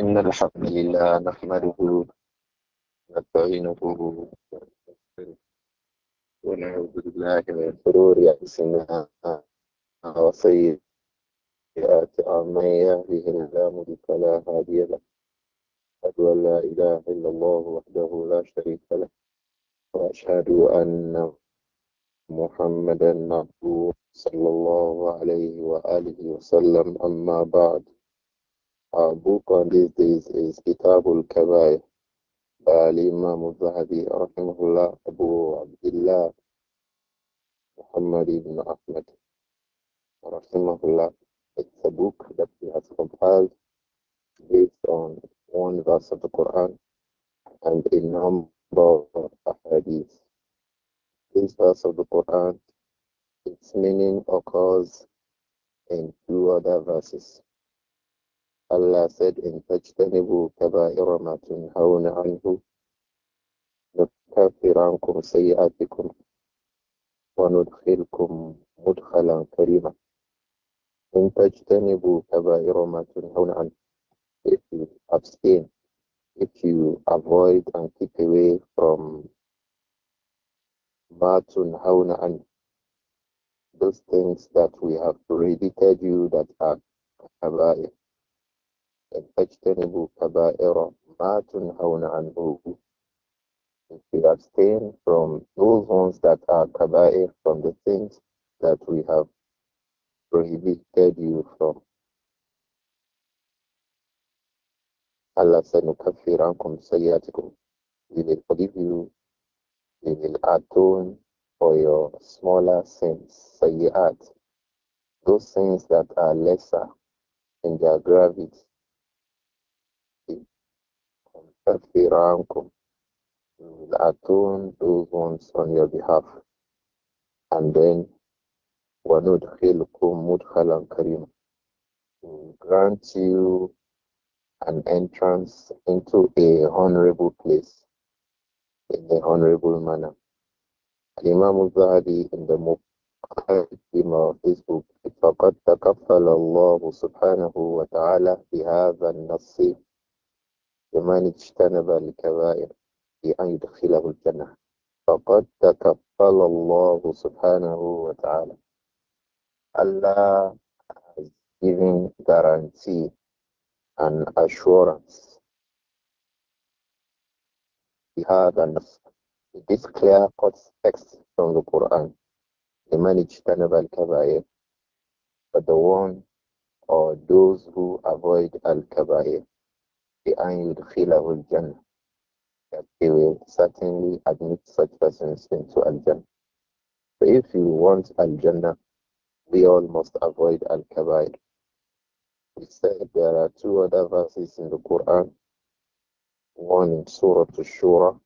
إن الحمد لله نحمده ونستعينه ونستغفره ونعوذ بالله من شرور أنفسنا وسيئات من يهده الله مضل فلا هادي له أشهد أن لا إله إلا الله وحده لا شريك له وأشهد أن محمدا عبده صلى الله عليه وآله وسلم أما بعد Our book on these days is Kitabul Kabair by Imam zahabi Rahimahullah, Abu Abdullah, Muhammad ibn Ahmad, Rahimahullah. It's a book that he has compiled based on one verse of the Quran and a number of hadiths. This verse of the Quran, its meaning occurs in two other verses. Allah said in Tajtanibu Kaba Iramatun Haun Anhu, the Kafirankum Sayyatikum, one would kill Kum Mudhalan Karima. In Tajtanibu Kaba Iramatun Haun Anhu, if you abstain, if you avoid and keep away from Matun Haun Anhu, those things that we have predicted you that are Kabair. فاجتنبوا كبائر ما تنهون عنه if you abstain from those ones that are kaba'ir, from the things that we have prohibited you from. Allah said, sayyatikum. We will forgive you. We will atone for your smaller sins, sayyat. Those sins that are lesser in their gravity. نَسْتَغْفِرَ عَنْكُمْ We will atone those ones on your behalf. And then, وَنُدْخِلْكُمْ مُدْخَلًا كَرِيمًا We will grant you an entrance into a honorable place in a honorable manner. Imam al-Zahabi in the مقدمة of this book فقد تكفل الله سبحانه وتعالى بهذا النص بمن اجتنب الكبائر في أن يدخله الجنة فقد تكفل الله سبحانه وتعالى Allah has given guarantee and assurance. We have an, this clear cut text from the Quran. The managed Tanabal Kabair, but the one or those who avoid Al Kabair. بِأَنْ يُدْخِلَهُ الْجَنَّةِ That they will certainly admit such persons into Al-Jannah. So if you want Al-Jannah, we all must avoid Al-Kabair. We said there are two other verses in the Quran, one in Surah Ash-Shura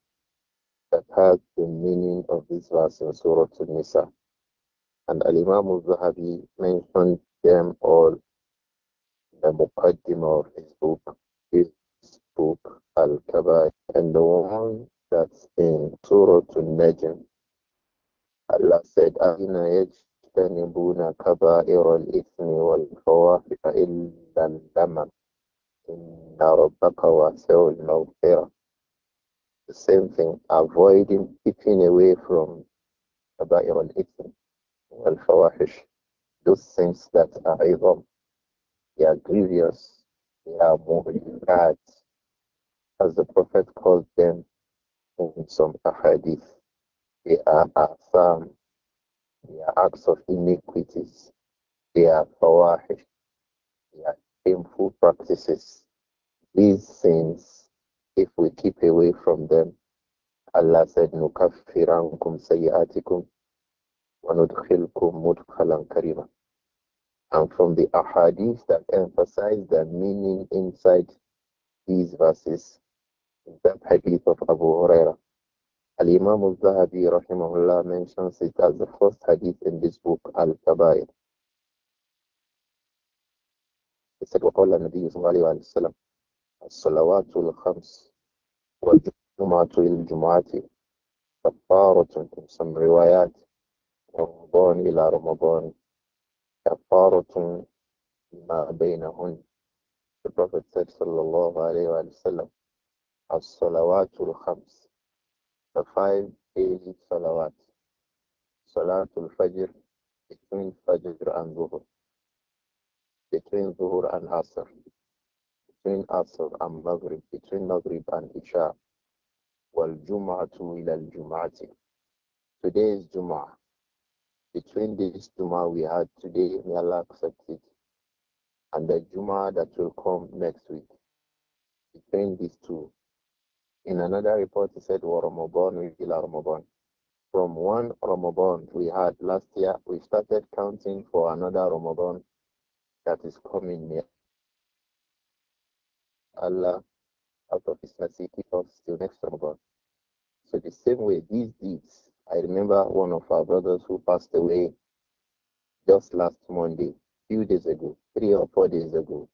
that has the meaning of this verse in Surah An-Nisa. And Al-Imam al-Zahabi mentioned them all in the Muqaddimah of his book, book, Al kabai and the one that's in Surah to Najm. Allah said, Aina yajtanibuna kabair al-ithmi wal-fawahiha illa al-damam. Inna rabbaka wasi'ul mawfirah. The same thing, avoiding, keeping away from kabair al-ithmi wal-fawahish. Those things that are evil, they are grievous, they are more bad as the Prophet calls them in some ahadith. They are asam, they are acts of iniquities, they are fawahish, they are shameful practices. These sins, if we keep away from them, Allah said, Nukaffirankum sayyatikum wa nudkhilkum mudkhalan karima. And from the ahadith that emphasize the meaning inside these verses, باب حديث أبو هريرة الإمام الذهبي رحمه الله من it as the حديث إن in this book Al-Kabair وقال النبي صلى الله عليه وسلم الصلوات الخمس والجمعة الجمعة كفارة في روايات رمضان إلى رمضان كفارة ما بينهن The Prophet said صلى الله عليه as salawatul khams, the five daily salawat, salatul fajr, between fajr and zuhur, between zuhur and asr, between asr and maghrib, between maghrib and isha, wal jum'atu ila al jum'ati. Today is Jum'ah. Between this Jum'ah we had today, may Allah accept it, and the Jum'ah that will come next week. Between these two, in another report, he said, Wa Ramadan ila Ramadan. From one Ramadan we had last year, we started counting for another Ramadan that is coming near. Allah, out of His mercy, keep us till next Ramadan. So the same way, these deeds. I remember one of our brothers who passed away just last Monday, few days ago, three or four days ago.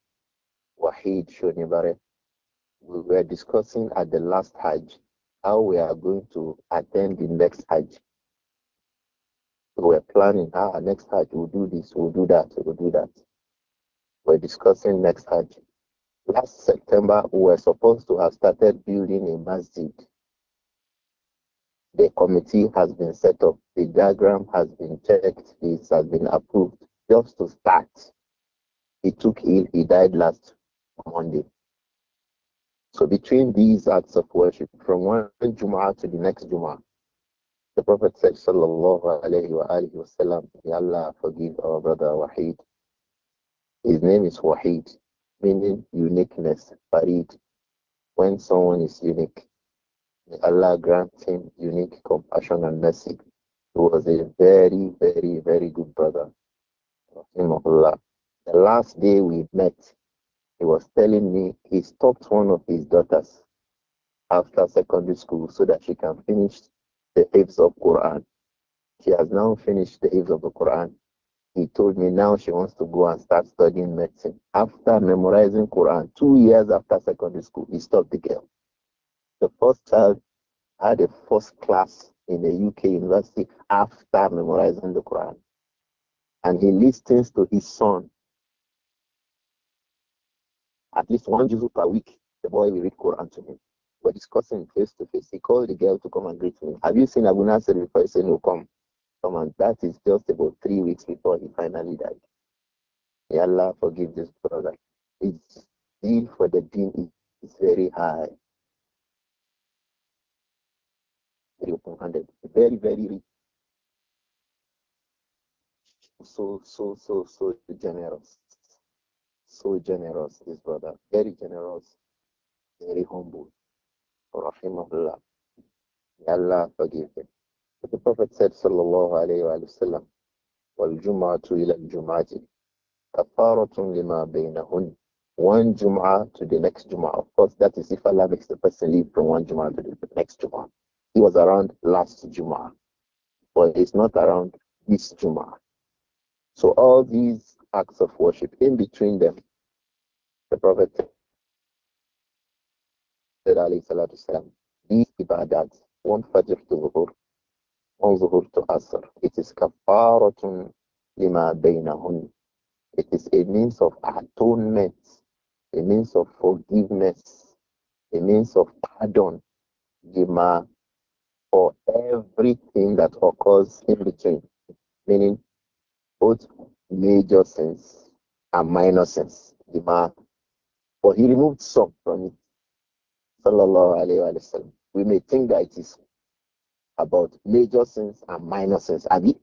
Wahid Shonibare, we were discussing at the last Hajj how we are going to attend the next Hajj. we're planning our ah, next Hajj, we'll do this, we'll do that, we'll do that. We're discussing next Hajj. Last September, we were supposed to have started building a masjid. The committee has been set up, the diagram has been checked, it has been approved just to start. He took ill, he died last Monday. So between these acts of worship, from one Jum'ah to the next Jum'ah, the Prophet said, Sallallahu alayhi wasallam, Allah forgive our brother Wahid. His name is Wahid, meaning uniqueness, Farid. When someone is unique, may Allah grant him unique compassion and mercy. He was a very, very, very good brother. The last day we met, he was telling me he stopped one of his daughters after secondary school so that she can finish the Hifz of Quran. She has now finished the Hifz of the Quran. He told me now she wants to go and start studying medicine. After memorizing Quran, two years after secondary school, he stopped the girl. The first child had a first class in a UK university after memorizing the Quran. And he listens to his son at least one juzu per week, the boy will read Quran to him. We're discussing face to face. He called the girl to come and greet me. Have you seen Abu Nasser before? He said, No, come. Come and that is just about three weeks before he finally died. May Allah forgive this brother. It's deal for the deen is very high. Very open handed. Very, very rich. So, so, so, so generous. So generous, this brother. Very generous. Very humble. Rahimahullah. May Allah forgive him. But the Prophet said, Sallallahu Alaihi Wasallam, وَالْجُمْعَةُ إِلَى الْجُمْعَةِ كَفَارَةٌ lima بَيْنَهُنْ One Jum'ah to the next Jum'ah. Of course, that is if Allah makes the person leave from one Jum'ah to the next Jum'ah. He was around last Jum'ah, but he's not around this Jum'ah. So all these acts of worship in between them. The Prophet said, salam, these ibadat, one fajr to zuhur, one zuhur to asr, it is kafaratun lima baynahun. It is a means of atonement, a means of forgiveness, a means of pardon, lima, for everything that occurs in between, meaning both major sins and minor sins. But he removed some from it. We may think that it is about major sins and minor sins. and he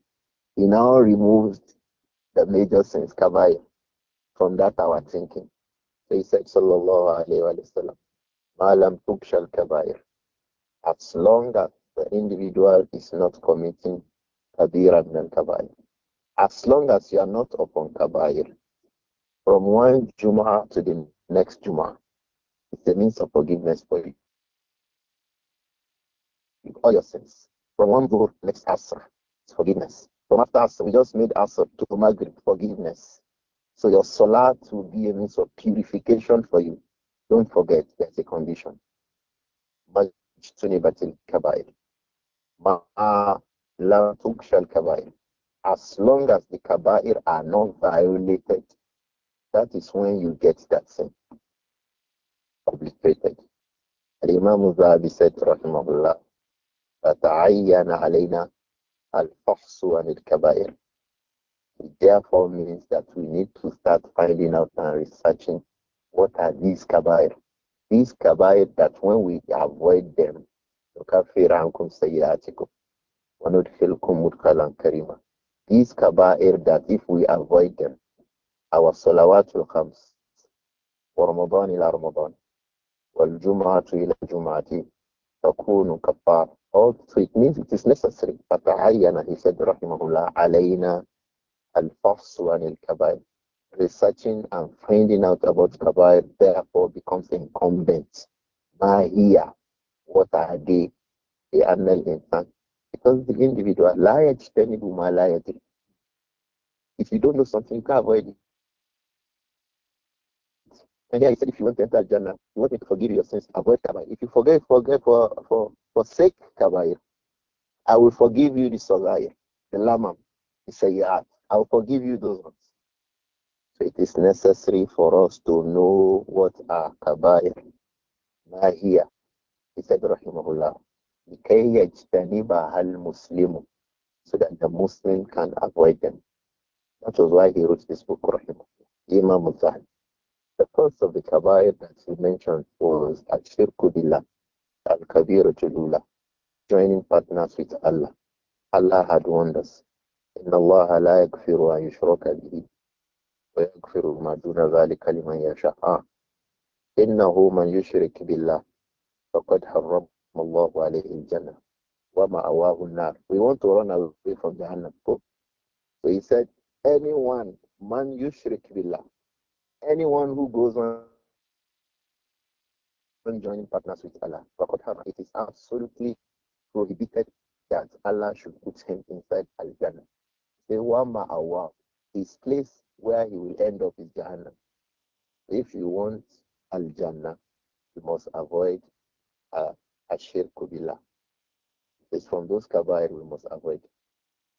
now removed the major sins, kabaya, from that our thinking. So he said, Sallallahu alayhi wasallam, maalam tukshal kabair. As long as the individual is not committing kabir and kabair. As long as you are not upon Kabair, from one Juma to the next Juma, it's a means of forgiveness for you. In all your sins. From one Dhuhr, next Asr, it's forgiveness. From after Asr, we just made Asr to Maghrib, forgiveness. So your Salat will be a means of purification for you. Don't forget, there's a condition. Majtunibatil Kabair. Ma la tukshal Kabair as long as the kaba'ir are not violated, that is when you get that sin obliterated. imam Zahabi said, rahimahullah, فَتَعَيَّنَ عَلَيْنَا الْفَحْصُ عَنِ الْكَبَائِرِ It therefore means that we need to start finding out and researching what are these kabair. These kabair that when we avoid them, نُكَفِّرْ عَنْكُمْ سَيِّئَاتِكُمْ وَنُدْخِلْكُمْ مُدْخَلًا كَرِيمًا these kaba'ir that if we avoid them, our salawatul will come. Ramadan ila Ramadan, wal jum'atu ila jum'ati, takunu kafar. All three. it means it is necessary. فَتَعَيَّنَ He said, رحمه الله, عَلَيْنَا الْفَصُ al الْكَبَائِرِ Researching and finding out about kabair therefore becomes incumbent. Mahiya, what are they? لأن الإنسان because the individual, la yajtanibu ma la yadri. If you don't know something, you can avoid it. And here he said, if you want to enter Jannah, you want me to forgive your sins, avoid Kabair. If you forget, forget for, for forsake Kabair. I will forgive you the salah, the Lamam, said, yeah, I will forgive you those ones. So it is necessary for us to know what are Kabair. Mahia. He said, Rahimahullah al-Muslimu, so that the Muslim can avoid them. That was why he wrote this book, Rahim, Imam al The first of the kabair that he mentioned was al-shirku billah, al-kabir Jalula, joining partners with Allah. Allah had warned us, إن الله لا يغفر أن يشرك به ويغفر ما دون ذلك لمن يشاء إنه من يشرك بالله فقد حرم alayhi Wa ma'awahu nar. We want to run away from Jahannam. So he said, anyone, man yushrik billah, anyone who goes on joining partners with Allah, it is absolutely prohibited that Allah should put him inside Al-Jannah. Wama Awa, his place where he will end up is Jahannam. If you want Al Jannah, you must avoid uh, ashirku Kubila. It's from those kabair we must avoid.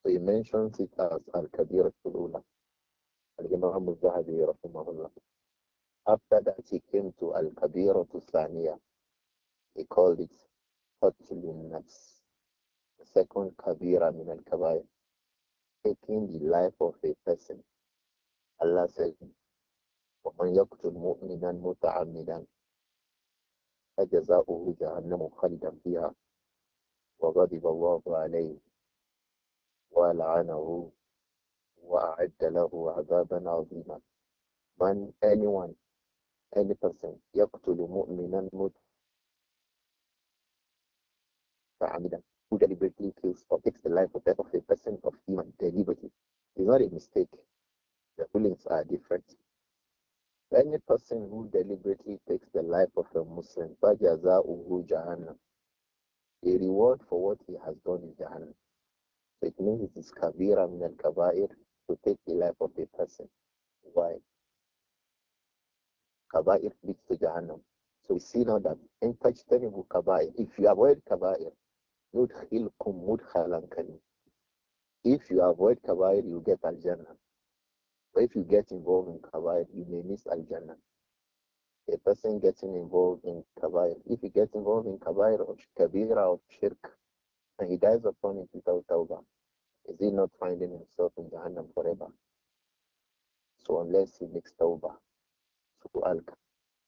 So he mentions it as al-kabir al Al-Imam zahabi rahimahullah. After that he came to al-kabir to thaniya He called it qatlun nafs. The second kabira min al-kabair. Taking the life of a person. Allah said, وَمَنْ يَقْتُلْ مُؤْمِنًا مُتَعَمِّدًا فجزاؤه جهنم خلدا فيها وغضب الله عليه ولعنه وأعد له عذابا عظيما من anyone any person يقتل مؤمنا مت فعمدا who deliberately kills or takes the life or death of a person of human deliberately is not a mistake the feelings are different Any person who deliberately takes the life of a Muslim, فَجَزَاؤُهُ جَهَنَّمْ A reward for what he has done is Jahannam. So it means it is kabira min al-kabair to take the life of a person. Why? Kabair leads to Jahannam. So we see now that in touch kabair, if you avoid kabair, yudkhilkum mudkhalan karim. If you avoid kabair, you get al-jannah. So if you get involved in kabair, you may miss al A person getting involved in kabair, if he gets involved in kabair or kabira or shirk, and he dies upon it without tawbah, is he not finding himself in Jahannam forever? So unless he makes tawbah, so al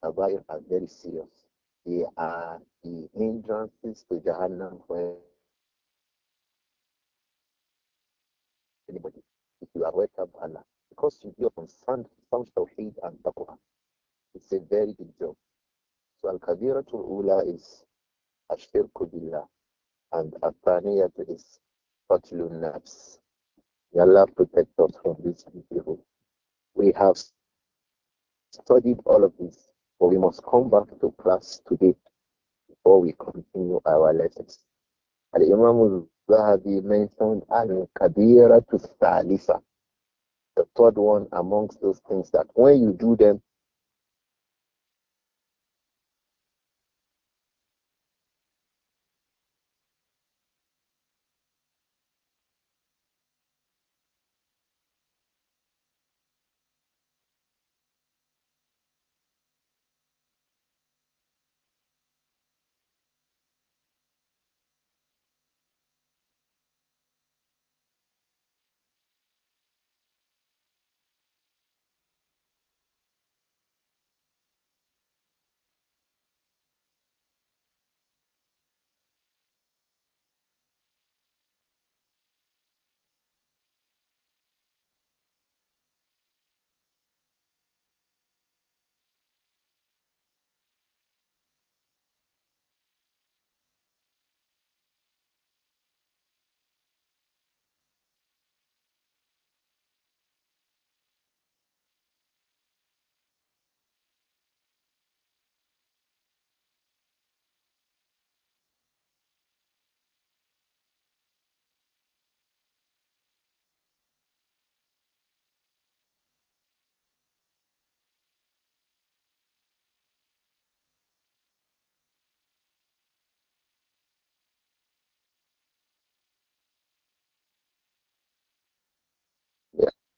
kabair are very serious. They are the hindrances to Jahannam forever. us to be on sound, sound tawheed and taqwa. It's a very big job. So Al-Kabiratul Ula is Ashirku Billah and Athaniyat is Fatlun Nafs. Allah protect us from these people. We have studied all of this, but we must come back to class today before we continue our lessons. Al-Imam al-Zahabi mentioned Al-Kabiratul Thalitha the third one amongst those things that when you do them,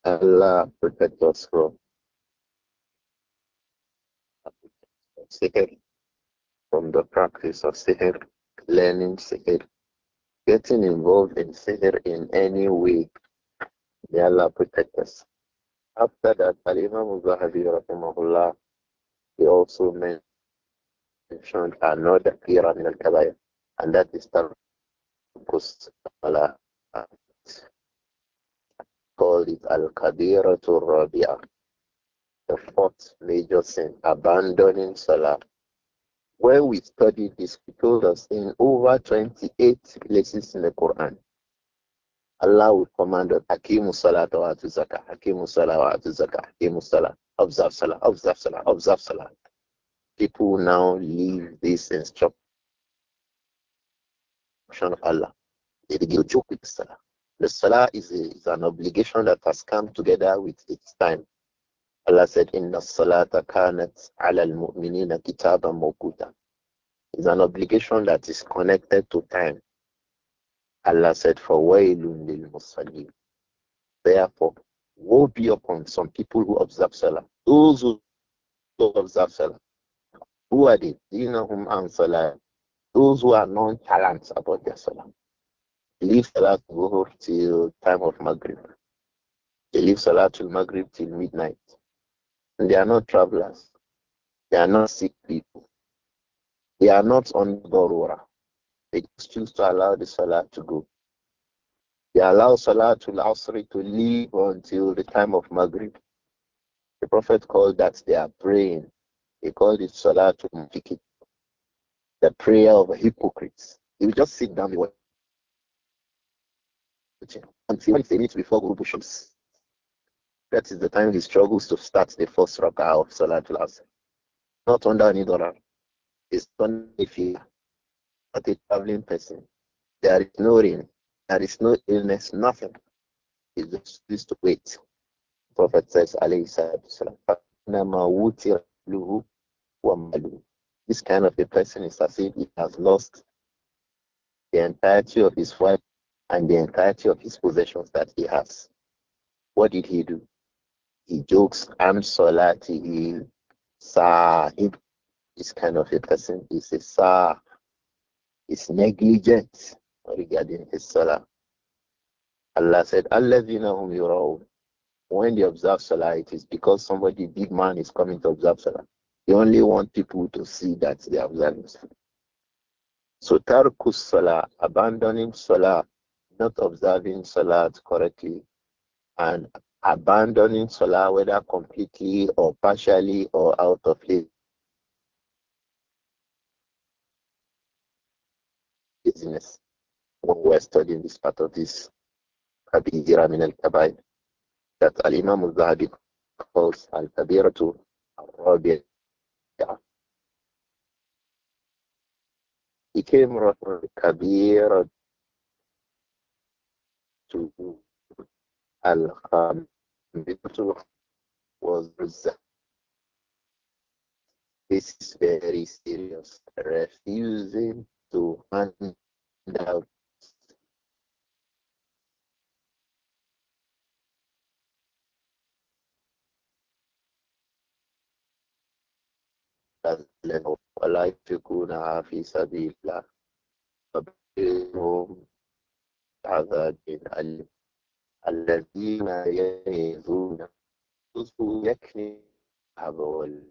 Allah protect us from from the practice of sihr, learning sihr, getting involved in sihr in any way. May Allah protect us. After that, Al Imam Zahabi rahimahullah, he also mentioned another qira min al kabair, and that is tarkus Allah." called it Al Kabiratul Rabia, the fourth major sin, abandoning Salah. When we studied this, he told us in over 28 places in the Quran, Allah will command us, Hakimu Salah wa atu zakah, Hakimu Salah wa atu zakah, Hakimu Salah, observe Salah, observe Salah, observe Salah. People now leave this instruction of Allah. They begin to joke with Salah. The salah is, a, is an obligation that has come together with its time. Allah said, Inna salata kanat ala al-mu'minina kitaban mawquta. It's an obligation that is connected to time. Allah said, for wailun lil musallim. Therefore, woe be upon some people who observe salah. Those who observe salah. Who are they? Dinahum an Those who are non-talents about their salah. They leave Salat home till time of Maghrib. They leave Salat till Maghrib till midnight. And they are not travelers. They are not sick people. They are not on Dorora. They just choose to allow the Salah to go. They allow Salah to Asri to leave until the time of Maghrib. The Prophet called that their praying. He called it Salah to Mfikit, the prayer of hypocrites. You just sit down and until they a before Guru Shams. That is the time he struggles to start the first rakah of Salatul Asr. Not under any dollar. It's only if he not a traveling person. There is no rain. There is no illness, nothing. He just used to wait. The Prophet says, This kind of a person is as if he has lost the entirety of his wealth and the entirety of his possessions that he has. What did he do? He jokes, Am He Sahib. This kind of a person he a Sah. Is negligent regarding his Salah. Allah said, whom you yuraw. When they observe Salah, it is because somebody big man is coming to observe Salah. He only want people to see that they are observing Salah. So Tarkus Salah, abandoning Salah, not observing Salah correctly, and abandoning Salah, whether completely or partially or out of laziness. Business when we're studying this part of this Kabira min al Kabair that Al Imam al Zahabi calls Al Kabira to Arabiya. He came from Kabira al was This is very serious. Refusing to hand out له ولا ينفقونها سبيل الله عذاب أليم الذين يكنزون يكني هذول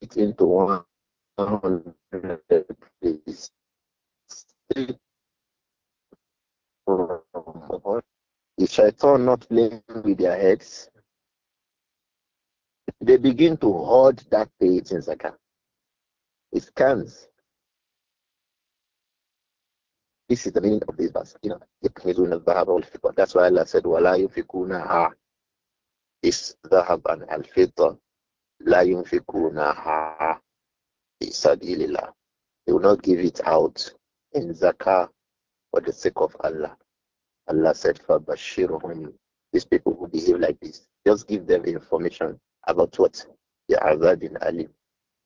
it into one hundred days. Is shaitan not playing with their heads? They begin to hold that page in Zakat. It scans. This is the meaning of this verse. You know, that's why Allah said, "Wala yufikuna ha is dhahab and al-fidda La yunfikunaha sabilillah. They will not give it out in zakah for the sake of Allah. Allah said, for Fabashirhum. These people who behave like this, just give them information about what? The Azad in Ali.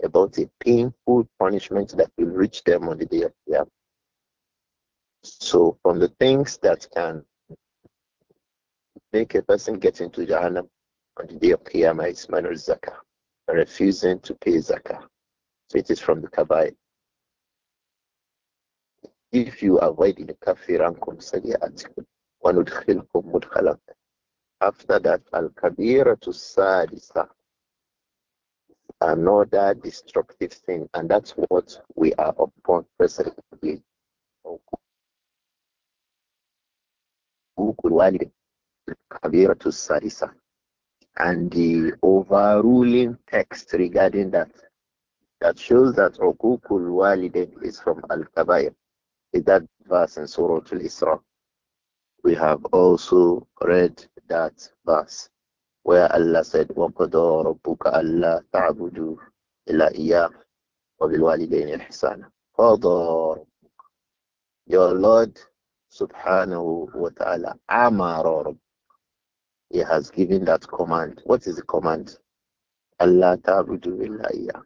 About a painful punishment that will reach them on the day of Qiyamah. So, from the things that can make a person get into Jahannam on the day of Qiyamah is Manul Zakah refusing to pay zakah. So it is from the kabair. If you avoid in the kafir ankum sariyatikum wa nudkhilkum mudkhalan. After that, al-kabira to sadisa. Another destructive thing, and that's what we are upon presently. Kabira to sadisa and the overruling text regarding that that shows that Ukukul walidin is from Al Kabair. In that verse in Surah Al Isra, we have also read that verse where Allah said, وَقَدَى رَبُّكَ أَلَّا تَعْبُدُوا إِلَّا إِيَّاهُ Your Lord subhanahu wa ta'ala amara he has given that command. What is the command? Allah ta'budu illallah.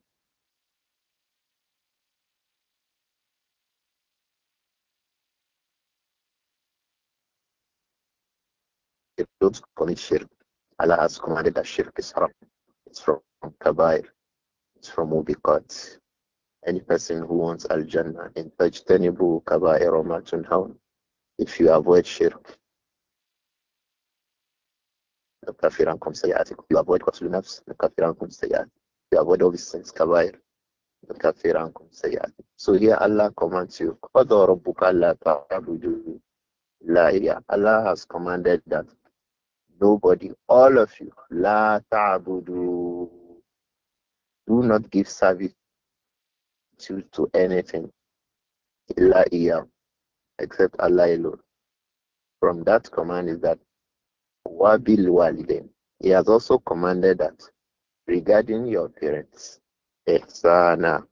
If don't commit shirk, Allah has commanded that shirk is haram. It's from kabair. It's from ubiqat. Any person who wants al-jannah in tajtanibu kabair or matun if you avoid shirk, نكفر عنكم سيئاتكم يؤبود قتل النفس نكفر عنكم سيئات all these things كبائر نكفر عنكم سيئات so here Allah commands you ربك تعبدوا لا Allah has commanded that nobody all of you لا تعبدوا do not give service to, to anything إلا إياه except Allah alone from that command is that Wabil waliden. He has also commanded that regarding your parents, ihsana. Eh,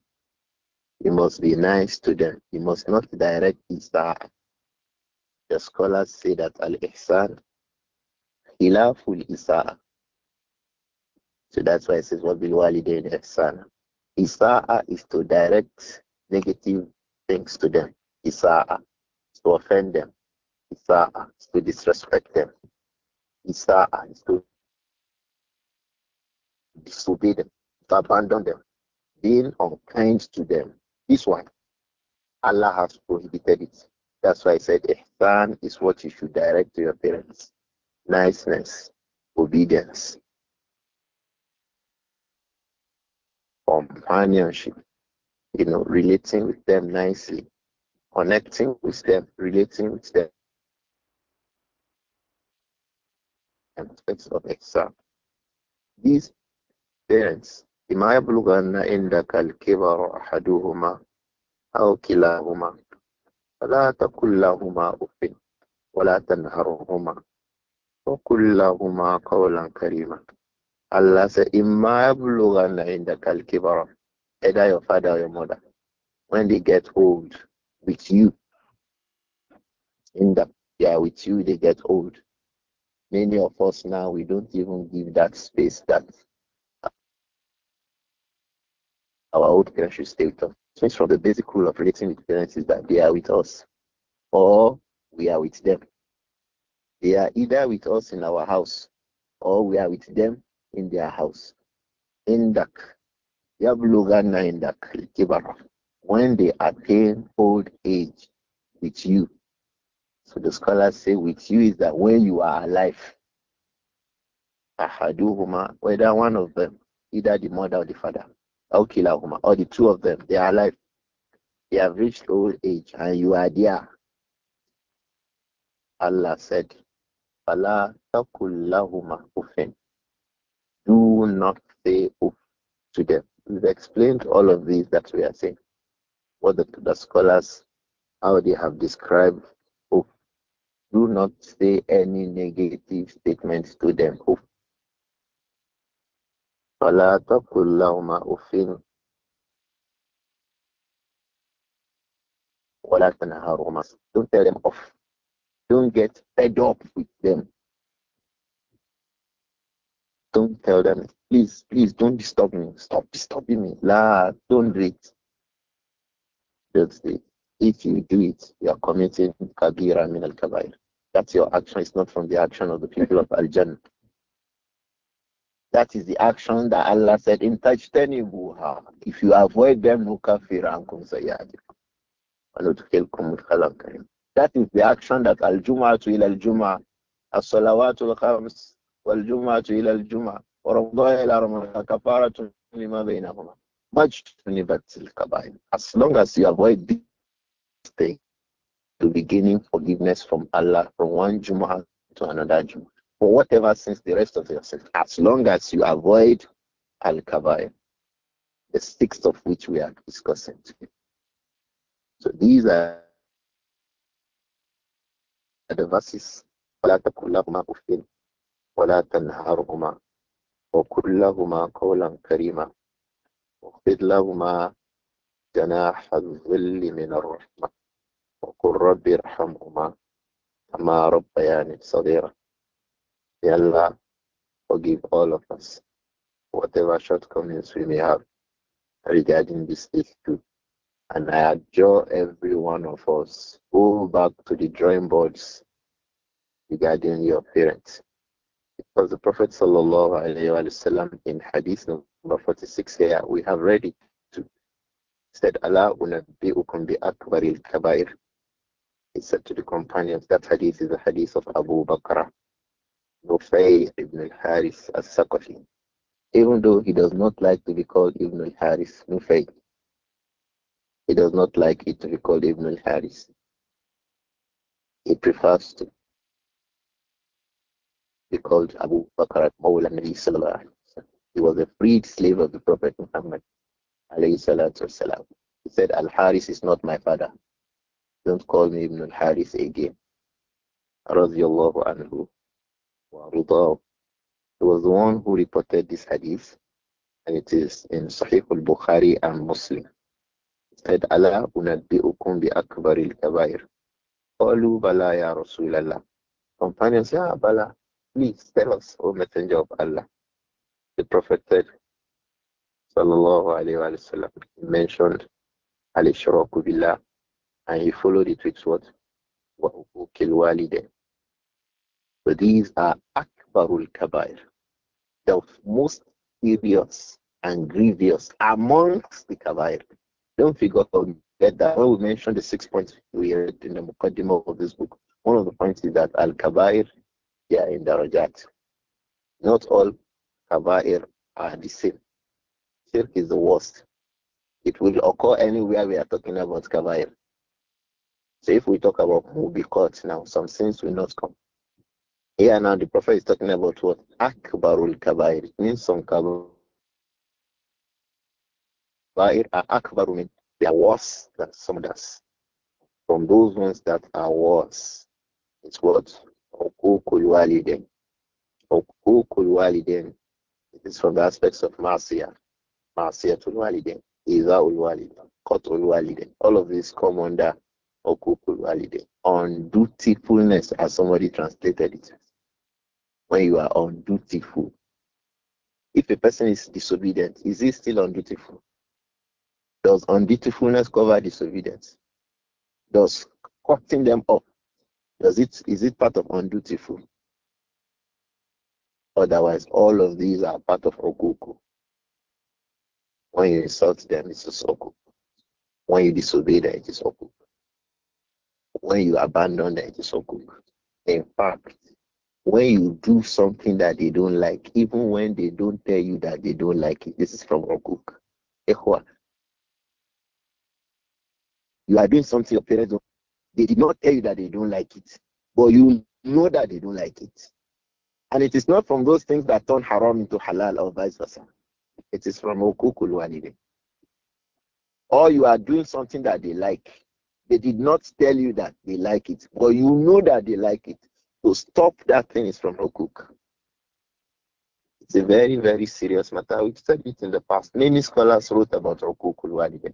you must be nice to them. You must not direct isa'ah. The scholars say that al-ihsan khilaful isa'ah. So that's why it says wabil walidain ihsana. Isa'ah is to direct negative things to them. Isa'ah is to offend them. Isa'ah is to disrespect them. Isa and to disobey them, to abandon them, being unkind to them. This one, Allah has prohibited it. That's why I said ihsan is what you should direct to your parents. Niceness, obedience, companionship, you know, relating with them nicely, connecting with them, relating with them These parents, Imayablugana in the Kalkeva or Haduhuma, Aukilahuma, Alata Kullahuma Ufin, Walatan Haruhuma, O Kullahuma Kaulan Karima. Allah said, Imayablugana in the Kalkeva, Eda your father, or your mother, when they get old with you, in the, yeah, with you, they get old. Many of us now, we don't even give that space that our old parents should stay with us. So it's from the basic rule of relating with parents is that they are with us or we are with them. They are either with us in our house or we are with them in their house. Indak. Yablugana Indak Kibara. When they attain old age with you, so the scholars say with you is that when you are alive, ahaduhuma, whether one of them, either the mother or the father, or or the two of them, they are alive. They have reached old age and you are there. Allah said, Fala takullahuma ufin. Do not say uf to them. We've explained all of these that we are saying. What the, the scholars, how they have described do not say any negative statements to them. Oh. Don't tell them off. Don't get fed up with them. Don't tell them, please, please don't disturb me. Stop disturbing me. La, don't do it. Don't say, if you do it, you are committing kagira min al kabair. That's your action. It's not from the action of the people of Al Jannah. That is the action that Allah said in buha." If you avoid them, Nukafirankum Sayyadikum. That is the action that Al to ila Al Jum'ah, As Salawatul Khams, Wal to ila Al Jum'ah, Warabdua ila Ramadan, Kafaratun lima bainahuma. Majtunibat al Kabair. As long as you avoid this thing. To be gaining forgiveness from Allah from one Jumu'ah to another Jumu'ah. For whatever sins the rest of yourself, as long as you avoid Al Kabair, the sixth of which we are discussing today. So these are the verses. ولا تقل لهما قولا كريما واخفض لهما جناح الظل من الرحمه وقل رب ارحمهما كما ربياني صغيرا May Allah forgive all of us whatever shortcomings we may have regarding this issue. And I adjure every one of us go back to the drawing boards regarding your parents. Because the Prophet wasallam in Hadith number 46 here, we have read it too. Said Allah unabbi'ukum bi akbaril kabair. He said to the companions, that hadith is a hadith of Abu Bakr, Nufay ibn al-Haris al-Saqafi. Even though he does not like to be called Ibn al-Haris, Nufay, he does not like it to be called Ibn al-Haris. He prefers to be called Abu Bakr Mawla Nabi Sallallahu He was a freed slave of the Prophet Muhammad alayhi salatu wasalam. He said, Al-Haris is not my father. Don't call me Ibn al-Harith again. Radiallahu anhu wa He was the one who reported this hadith, and it is in Sahih al-Bukhari and Muslim. It said, Allah unadbiukum bi akbaril kabair. Qalu bala ya Rasulallah. Companions, ya ah, bala, please tell us, O Messenger of Allah. The Prophet said, Sallallahu alayhi wa sallam, mentioned Ali ishraku billah, and he followed it with what? So these are Akbarul Kabair, the most serious and grievous amongst the Kabair. Don't forget that when we mentioned the six points we had in the Mukaddimah of this book, one of the points is that Al Kabair, they are in Darajat. Not all Kabair are the same. Shirk is the worst. It will occur anywhere we are talking about Kabair. So if we talk about mubiqat now, some sins will not come. Yeah, now the Prophet is talking about what akbarul kabair. It means some kabair are akbaru min. They are worse than some others. From those ones that are worse, it's what hukukul waliden. Hukukul waliden. It is from the aspects of masiyah. Masiyatul waliden. Izaul waliden. Qatul waliden. All of these come under Undutifulness, as somebody translated it. When you are undutiful. If a person is disobedient, is he still undutiful? Does undutifulness cover disobedience? Does cutting them off, does it is it part of undutiful? Otherwise, all of these are part of okuku. When you insult them, it's okuku. When you disobey them, it is okuku when you abandon the Ejisokuk. In fact, when you do something that they don't like, even when they don't tell you that they don't like it, this is from Okuk. Ehwa. You are doing something your parents don't. They did not tell you that they don't like it, but you know that they don't like it. And it is not from those things that turn haram into halal or vice versa. It is from okukul walide. Or you are doing something that they like. They did not tell you that they like it, but you know that they like it. So stop that thing is from Hukuk. It's a very, very serious matter. We've said it in the past. Many scholars wrote about Hukukul Walidain.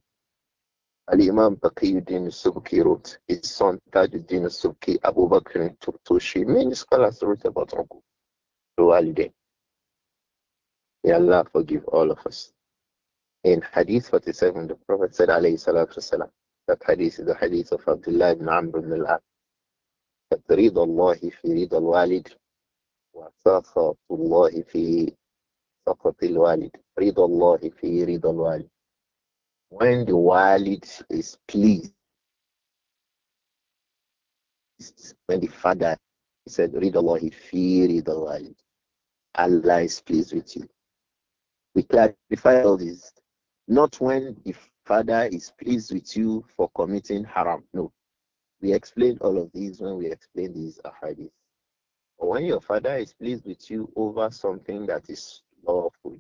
Ali Imam Baqiyuddin Subki wrote, his son Tajuddin Subki, Abu Bakr Turtushi. Many scholars wrote about Hukukul Walidain. May Allah forgive all of us. In Hadith 47, the Prophet said, alayhi salatu wasalam, that hadith is the hadith of Abdullah ibn Amr ibn al-As. That رضا الله في رضا الوالد وسخط الله في سخط الوالد رضا الله في رضا الوالد When the walid is pleased, when the father said, Read Allah, he feared Allah. Allah is pleased with you. We clarify all this. Not when the father is pleased with you for committing haram. No. We explained all of these when we explained these ahadith. But when your father is pleased with you over something that is lawful,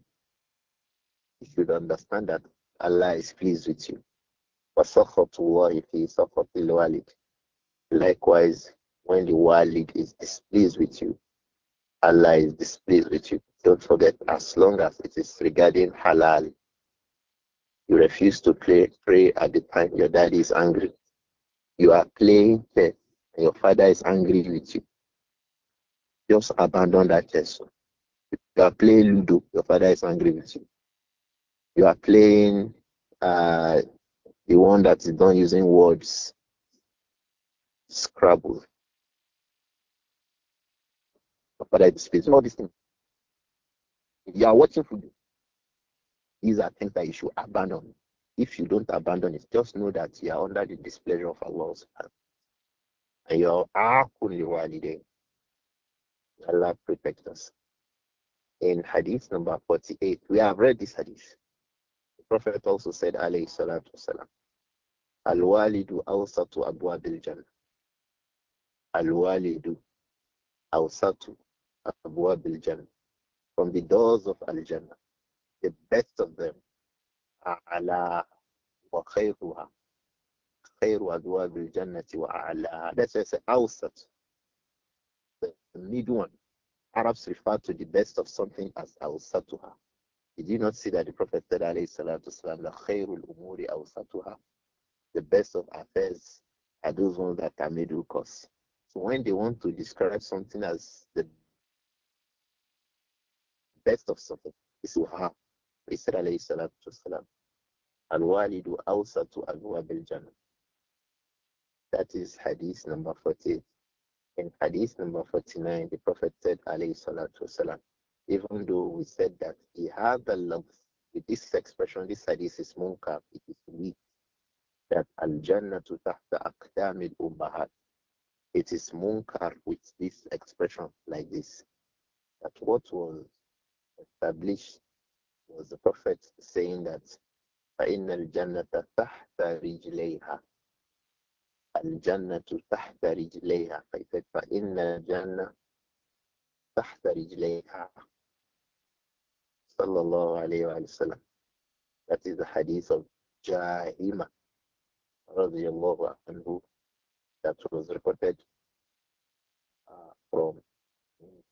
you should understand that Allah is pleased with you. Likewise, when the walid is displeased with you, Allah is displeased with you. Don't forget, as long as it is regarding halal, you refuse to play, pray at the time your daddy is angry. You are playing chess and your father is angry with you. Just abandon that chess. You are playing Ludo, your father is angry with you. You are playing uh, the one that is done using words, Scrabble. Your father is displeased. All these things. You are watching football. These are things that you should abandon. If you don't abandon it, just know that you are under the displeasure of Allah subhanahu and your akunliwalide. Allah protect us. In hadith number 48, we have read this hadith. The Prophet also said, alayhi salatu wasalam, Al-walidu awsatu abwabil jannah. Al-walidu awsatu abwabil jannah. From the doors of Al-Jannah the best of them. أعلى وخيرها خير أبواب الجنة وأعلى That's is the middle one. Arabs refer to the best of something as أوسطها Did you not see that the Prophet said عليه الصلاة الأمور أوسطها The best of affairs are those ones that are middle course. So when they want to describe something as the best of something, it's Waha. Isa alayhi salatu wasalam. Al-walidu awsatu abwabil jannah. That is hadith number 48. In hadith number 49, the Prophet said alayhi salatu wasalam, even though we said that he had the lungs, with this expression, this hadith is munkar, it is weak. That al-jannatu tahta aqdamil ummahat. It is munkar with this expression like this. That what was established was the Prophet saying that فَإِنَّ الْجَنَّةَ تَحْتَ رِجْلَيْهَا الْجَنَّةُ تَحْتَ رِجْلَيْهَا فَإِنَّ الْجَنَّةَ تَحْتَ رِجْلَيْهَا صلى الله عليه وسلم That is the hadith of Jahima رضي الله عنه that was reported uh, from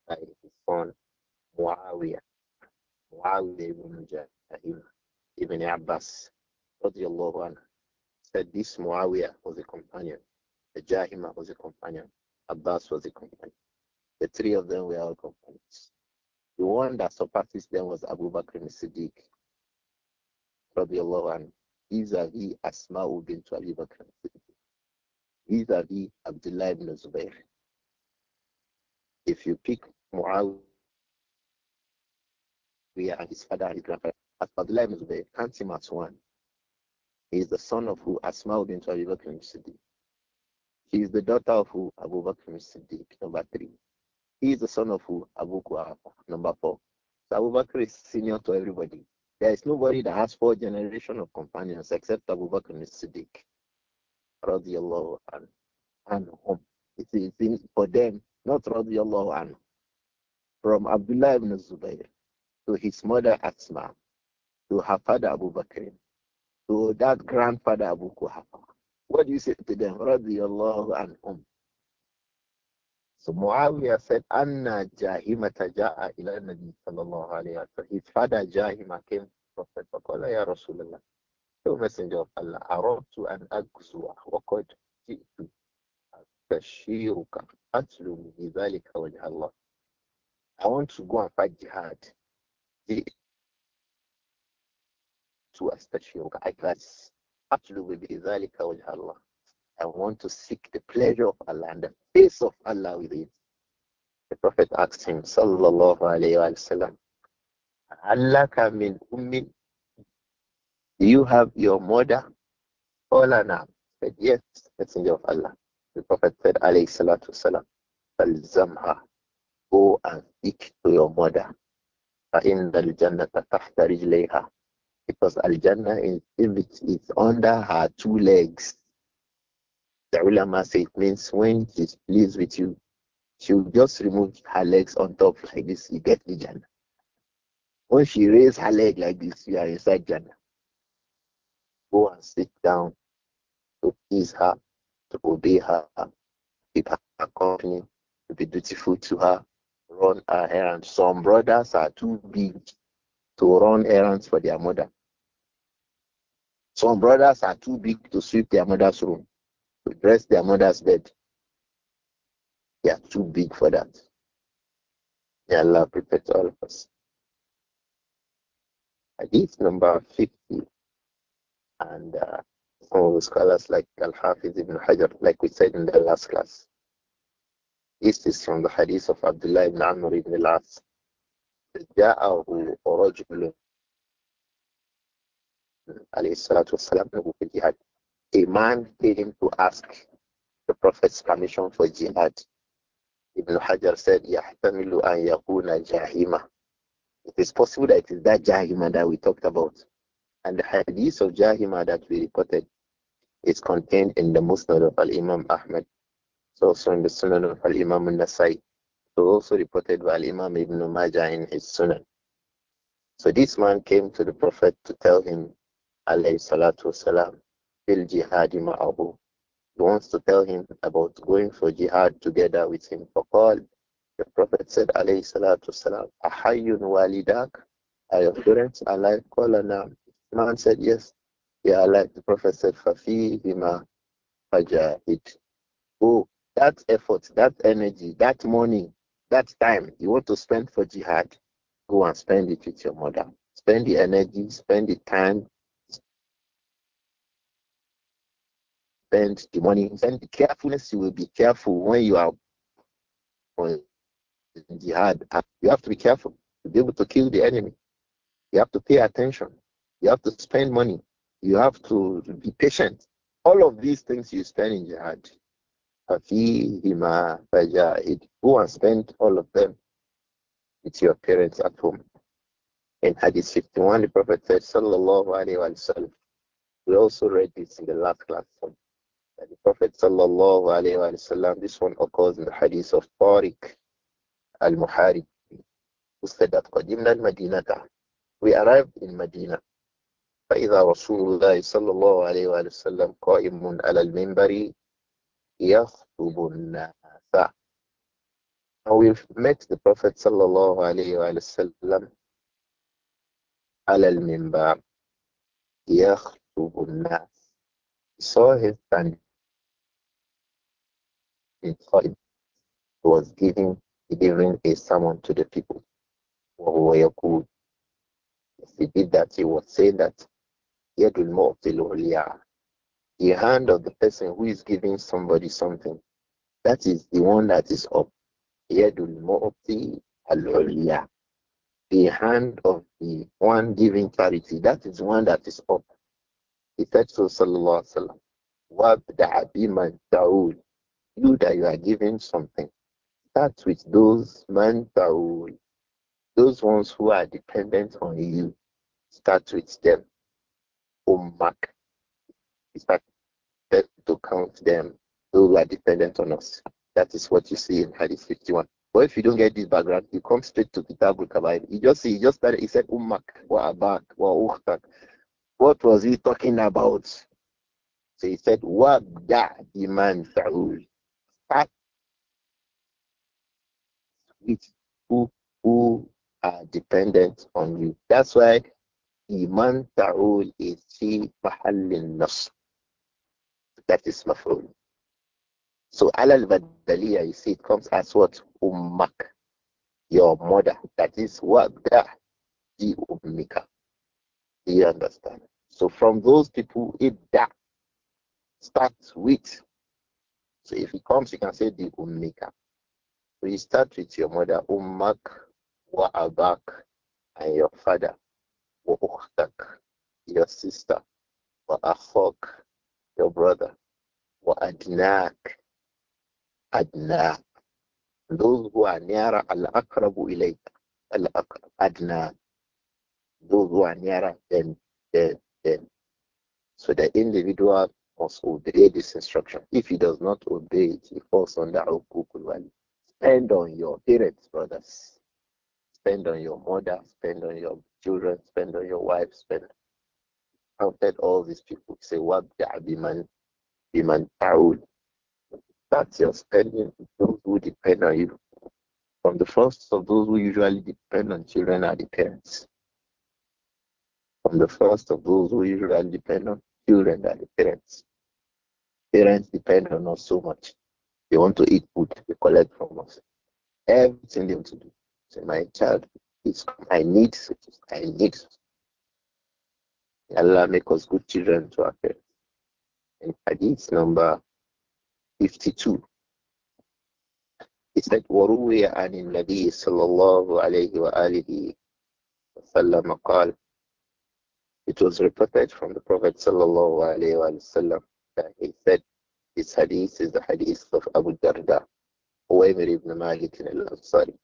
by uh, his son Muawiyah Muawiyah ibn Mujahid ibn Abbas radiallahu anhu said this Muawiyah was a companion, the Jahima was a companion, Abbas was a companion. The three of them were all companions. The one that surpasses them was Abu Bakr and Siddiq radiallahu anhu. Vis-a-vis Asma'u bint Abi Bakr vis-a-vis Abdullah ibn Zubayr. If you pick Muawiyah Rabi'a and his father and his grandfather. As Abdullah the Zubayr, count one. He is the son of who? Asma bint Abi Bakr Siddiq. He is the daughter of who? Abu Bakr Siddiq, number three. He is the son of who? Abu Kuhafa, number four. So Abu Bakr is senior to everybody. There is nobody that has four generations of companions except Abu Bakr Siddiq. Radiallahu anhu. And home. It is for them, not radiallahu anhu. From Abdullah ibn Zubayr to his mother Asma, to her father Abu Bakr, to that grandfather Abu Kuhafa. What do you say to them? Radiallahu anhum. So Muawiyah said, Anna Jahimata ja'a ila Nabi sallallahu alayhi wa sallam. His father Jahima came to Prophet Faqala ya Rasulullah. Messenger of Allah, Arabtu an agzuwa wa ji'tu tashiruka atlum bidhalika wajha Allah. I want to go and fight jihad. واستشيرك I pass أطلب بذلك وجه Allah. I want to seek the pleasure of Allah and the peace of Allah with you. The Prophet asked him, Sallallahu Alaihi Wasallam, Allah min ummin, do you have your mother? Qala said, yes, Messenger of Allah. The Prophet said, alayhi salatu wasalam, go and speak to your mother. فَإِنَّ الْجَنَّةَ تَحْتَ رِجْلَيْهَا Because Al-Jannah, is, if it is under her two legs, the ulama say it means when she pleased with you, she'll just remove her legs on top like this, you get the Jannah. When she raise her leg like this, you are inside Jannah. Go and sit down to please her, to obey her, keep her company, to be dutiful to her, run errands. Some brothers are too big to run errands for their mother. Some brothers are too big to sweep their mother's room, to dress their mother's bed. They are too big for that. May Allah protect all of us. Hadith number 50. And uh, some of the scholars like Al-Hafiz ibn Hajar, like we said in the last class, this is from the hadith of Abdullah ibn Amr ibn al-As. جاءه رجل عليه الصلاة والسلام A man came to ask the Prophet's permission for jihad. Ibn Hajar said, يحتمل an يكون جاهما. It is possible that it is that jahima that we talked about. And the hadith of jahima that we reported is contained in the Musnad of Al-Imam Ahmad it's also in the Sunan of Al Imam Nasai. who also reported by Al Imam Ibn Majah in his Sunan. So this man came to the Prophet to tell him, alayhi salatu wasalam, fil jihadi ma'abu. He wants to tell him about going for jihad together with him. call. the Prophet said, alayhi salatu wasalam, ahayyun walidak, are your parents alive? Qala The man said, yes, they are alive. The Prophet said, fafi bima fajahid. Oh that effort, that energy, that money, that time you want to spend for jihad, go and spend it with your mother. Spend the energy, spend the time, spend the money, spend the carefulness. You will be careful when you are on jihad. You have to be careful to be able to kill the enemy. You have to pay attention. You have to spend money. You have to be patient. All of these things you spend in jihad, Hafihima Fajahid. Who has spent all of them with your parents at home. In Hadith 51, the Prophet said, Sallallahu Alaihi Wasallam. We also read this in the last class. That the Prophet Sallallahu Alaihi Wasallam, this one occurs in the Hadith of Tariq al-Muharib, who said that al الْمَدِينَةَ We arrived in Medina. فإذا رسول الله صلى الله عليه وسلم قائم على المنبر يخطب الناس. And we've met the Prophet sallallahu alayhi wa sallam على المنبر يخطب الناس. Saw his standing in He was giving giving a sermon to the people. وهو يقول if he did that he was saying that يد المعطي العليا the hand of the person who is giving somebody something. That is the one that is up. The hand of the one giving charity. That is one that is up. He said so, Sallallahu Alaihi Wasallam. You that you are giving something. Start with those man ta'ul. Those ones who are dependent on you. Start with them. Ummak started to count them who are dependent on us. That is what you see in Hadith 51. But if you don't get this background, you come straight to Kitabul Kabair. You just see, you just started, he said, Ummak, wa abak, wa ukhtak. What was he talking about? So he said, Wabda Iman Sa'ul. Start with who, who are dependent on you. That's why Iman Ta'ul is fi mahallin that is my phone. So alal you see, it comes as what? Ummak, your mother. That is what the ummika. Do you understand? So from those people, it that starts with. So if it comes, you can say the ummika. So you start with your mother, ummak, Waabak, and your father, wa your sister, wa your brother. Wa adnak, adnak. Those who are nearer al-akrabu ilayk, al-akrab, adnak. Those who are nearer than them. So the individual must obey this instruction. If he does not obey it, he falls under Ukukul Wali. Spend on your parents, brothers. Spend on your mother, spend on your children, spend on your wife, spend counted all these people. Say, what biman biman ta'ud. That's your spending those who depend on you. From the first of those who usually depend on children are the parents. From the first of those who usually depend on children are the parents. Parents depend on us so much. They want to eat food, they collect from us. Everything they want to do. Say, my child, it's, I need, I need Allah make us good children to our parents. And hadith number 52. It said, an in Nabi sallallahu alayhi wa alihi wa sallam It was reported from the Prophet sallallahu alayhi wa sallam that he said, this hadith is the hadith of Abu Darda, Uwaymir ibn Malik al Ansari,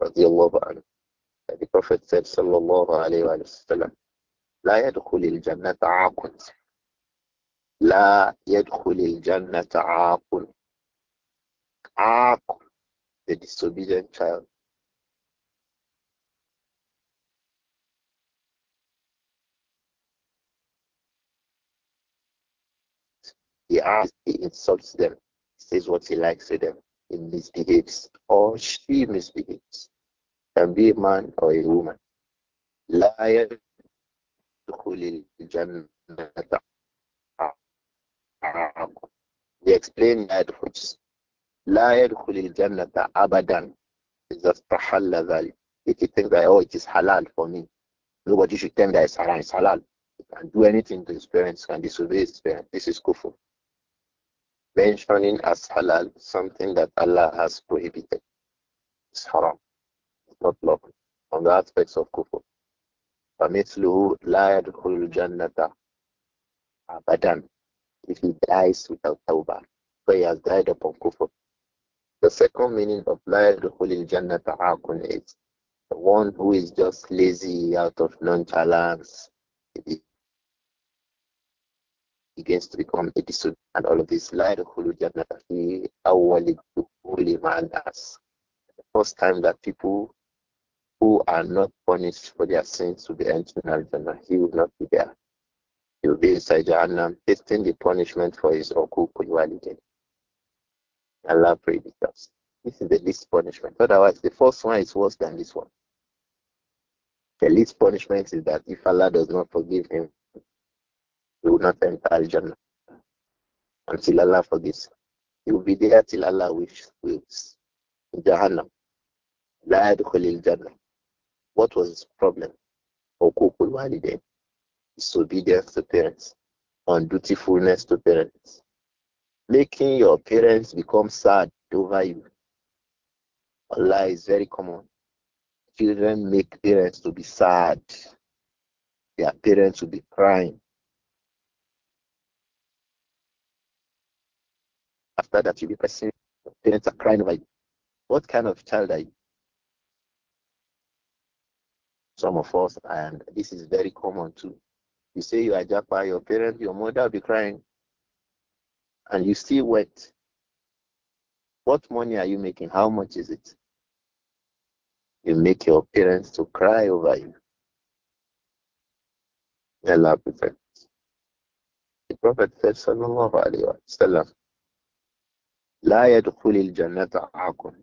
radiallahu anhu. the Prophet said, sallallahu alayhi wa sallam, لا يدخل الجنة عاق لا يدخل الجنة عاق عاق the disobedient child he asks, he insults them, he says what he likes to them, he misbehaves, or she misbehaves. Can be a man or a woman. Liar. تدخل الجنة We explain the لا يدخل الجنة أبدا إذا استحل ذلك If you think that, oh, it is halal for me, nobody should tell me that it's haram, it's halal. You can do anything to his parents, can disobey his parents. This is kufr. Mentioning as halal something that Allah has prohibited. It's haram. It's not lawful. On the aspects of kufr. فَمِثْلُهُ لَا يَدْخُلُ الْجَنَّةَ أَبَدًا If he dies without tawbah, so he has died upon kufr. The second meaning of لَا يَدْخُلُ الْجَنَّةَ عَاقٌ is the one who is just lazy out of nonchalance. He begins to become a disobedient and all of this. لَا يَدْخُلُ الْجَنَّةَ فِي أَوَّلِ الدُّخُولِ مَعَ النَّاسِ The first time that people who are not punished for their sins to be eternal Al-Jannah. He will not be there. He will be inside Jahannam, tasting the punishment for his okukul walidin. Allah predicts us. This is the least punishment. Otherwise, the first one is worse than this one. The least punishment is that if Allah does not forgive him, he will not enter Al-Jannah until Allah forgives him. He will be there till Allah wishes. In Jahannam. لا يدخل Jannah. What was his problem? Okokul Waliden, disobedience to parents, undutifulness to parents, making your parents become sad over you. A lie is very common. Children make parents to be sad. Their parents will be crying. After that, you'll be pressing. parents are crying over you. What kind of child are you? some of us, and this is very common too. You say you are japa, your parents, your mother will be crying, and you still wait. What money are you making? How much is it? You make your parents to cry over you. Allah protect. The Prophet said, Sallallahu Alaihi Wasallam, La yadkhulil jannata akun.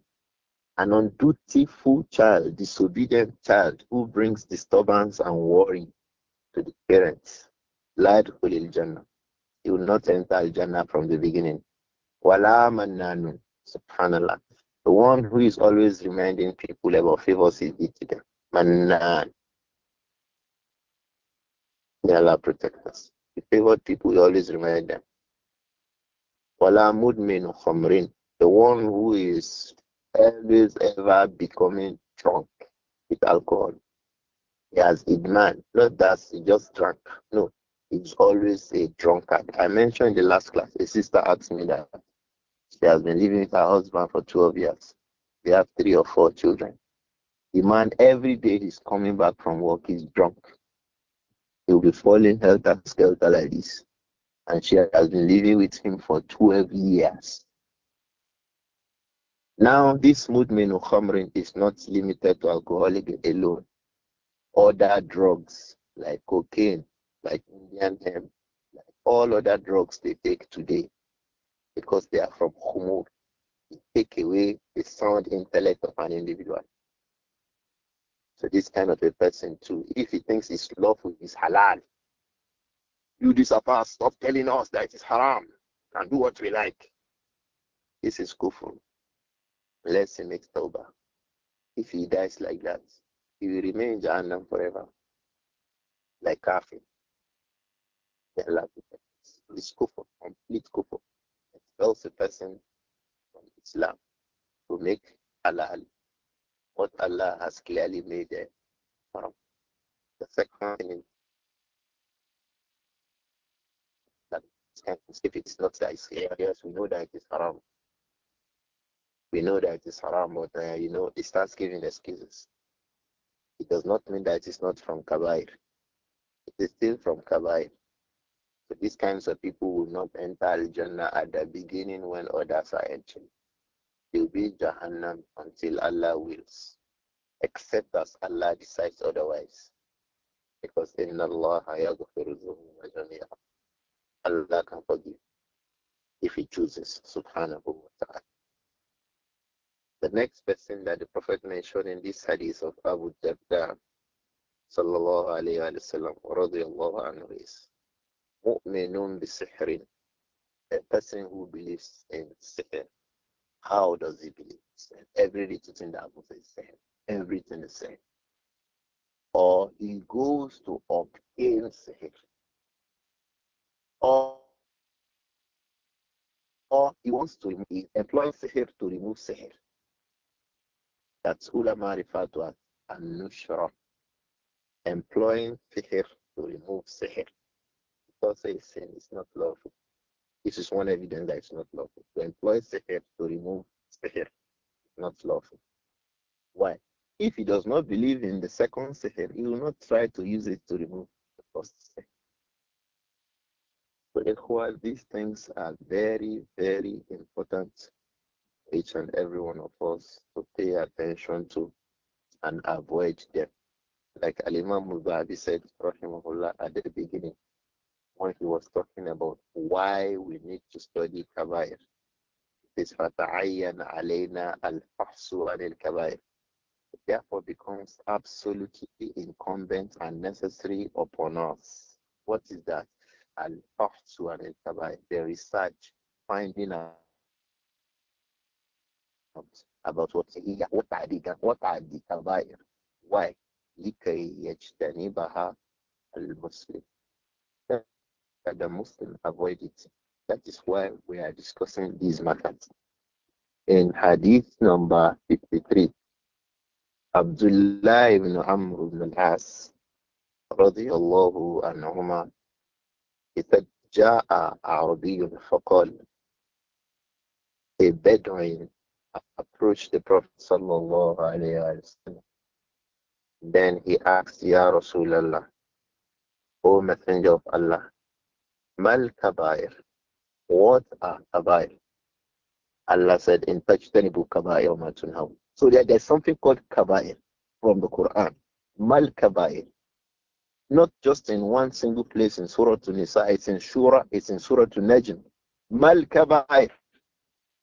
An undutiful child, disobedient child who brings disturbance and worry to the parents, lied Hulil Jannah. He will not enter Jannah from the beginning. Wala mananun, subhanallah. The one who is always reminding people about favors he did to them. Manan. May Allah protect us. The favored people, we always remind them. Wala mudminu khamrin. The one who is always ever becoming drunk with alcohol. He has man. Not that he just drunk. No, he's always a drunkard. I mentioned in the last class, a sister asked me that she has been living with her husband for 12 years. They have three or four children. The man, every day he's coming back from work, he's drunk. He'll be falling helter skelter like this. And she has been living with him for 12 years. Now, this movement of khamrin is not limited to alcoholic alone. Other drugs like cocaine, like Indian hemp, like all other drugs they take today, because they are from khumur, they take away the sound intellect of an individual. So this kind of a person too, if he thinks it's lawful, it's halal. You disappear, stop telling us that it's haram and do what we like. This is kufr unless he makes tawbah. If he dies like that, he will remain in Jahannam forever, like kafir. This kufr, complete kufr, expels a person from Islam to make Allah what Allah has clearly made haram. The second thing is that if it's not that it's clear, yes, we know that it is haram we know that it's haram, but uh, you know, it starts giving excuses. It does not mean that it's not from Kabair. It is still from Kabair. So these kinds of people will not enter Jannah at the beginning when others are entering. They'll be Jahannam until Allah wills, except as Allah decides otherwise. Because in Allah, Allah can forgive if He chooses, subhanahu wa ta'ala. The next person that the Prophet mentioned in this hadith of Abu Darda sallallahu alayhi wa sallam radiallahu anhu is mu'minun bi a person who believes in sihr. How does he believe? Every little thing that happens is same. Everything is same. Or he goes to obtain sihr. Or or he wants to employ sihr to remove sihr. That's ulama referring to as al-nushra. Employing sihr to remove sihr. Because it's sin is not lawful. This is one evidence that it's not lawful. To employ sihr to remove sihr not lawful. Why? If he does not believe in the second sihr, he will not try to use it to remove the first sihr. So, these things are very, very important each and every one of us to pay attention to and avoid them. Like Al-Imam Mubadi said, Rahimahullah, at the beginning, when he was talking about why we need to study Kabair. It is فَتَعَيَّنْ al الْفَحْصُ عَنِ الْكَبَائِرِ It therefore becomes absolutely incumbent and necessary upon us. What is that? Al-Fahsu al-Kabair, the research, finding out comes about what هي وتعديك وتعدي كبائر why لكي يجتنبها المسلم that the Muslim avoid it. That is why we are discussing these matters. In Hadith number 53, Abdullah ibn Amr ibn al-As رضي الله he إذا جاء عربي فقال a Bedouin approached the Prophet sallallahu alaihi wasallam. Then he asked, Ya Rasulallah, O Messenger of Allah, Mal kabair, what are kabair? Allah said in Tajtanibu kabair matunhaw. So there, there's something called kabair from the Quran. Mal kabair. Not just in one single place in Surah to Nisa, it's in Surah, it's in Surah to Najm. Mal kabair.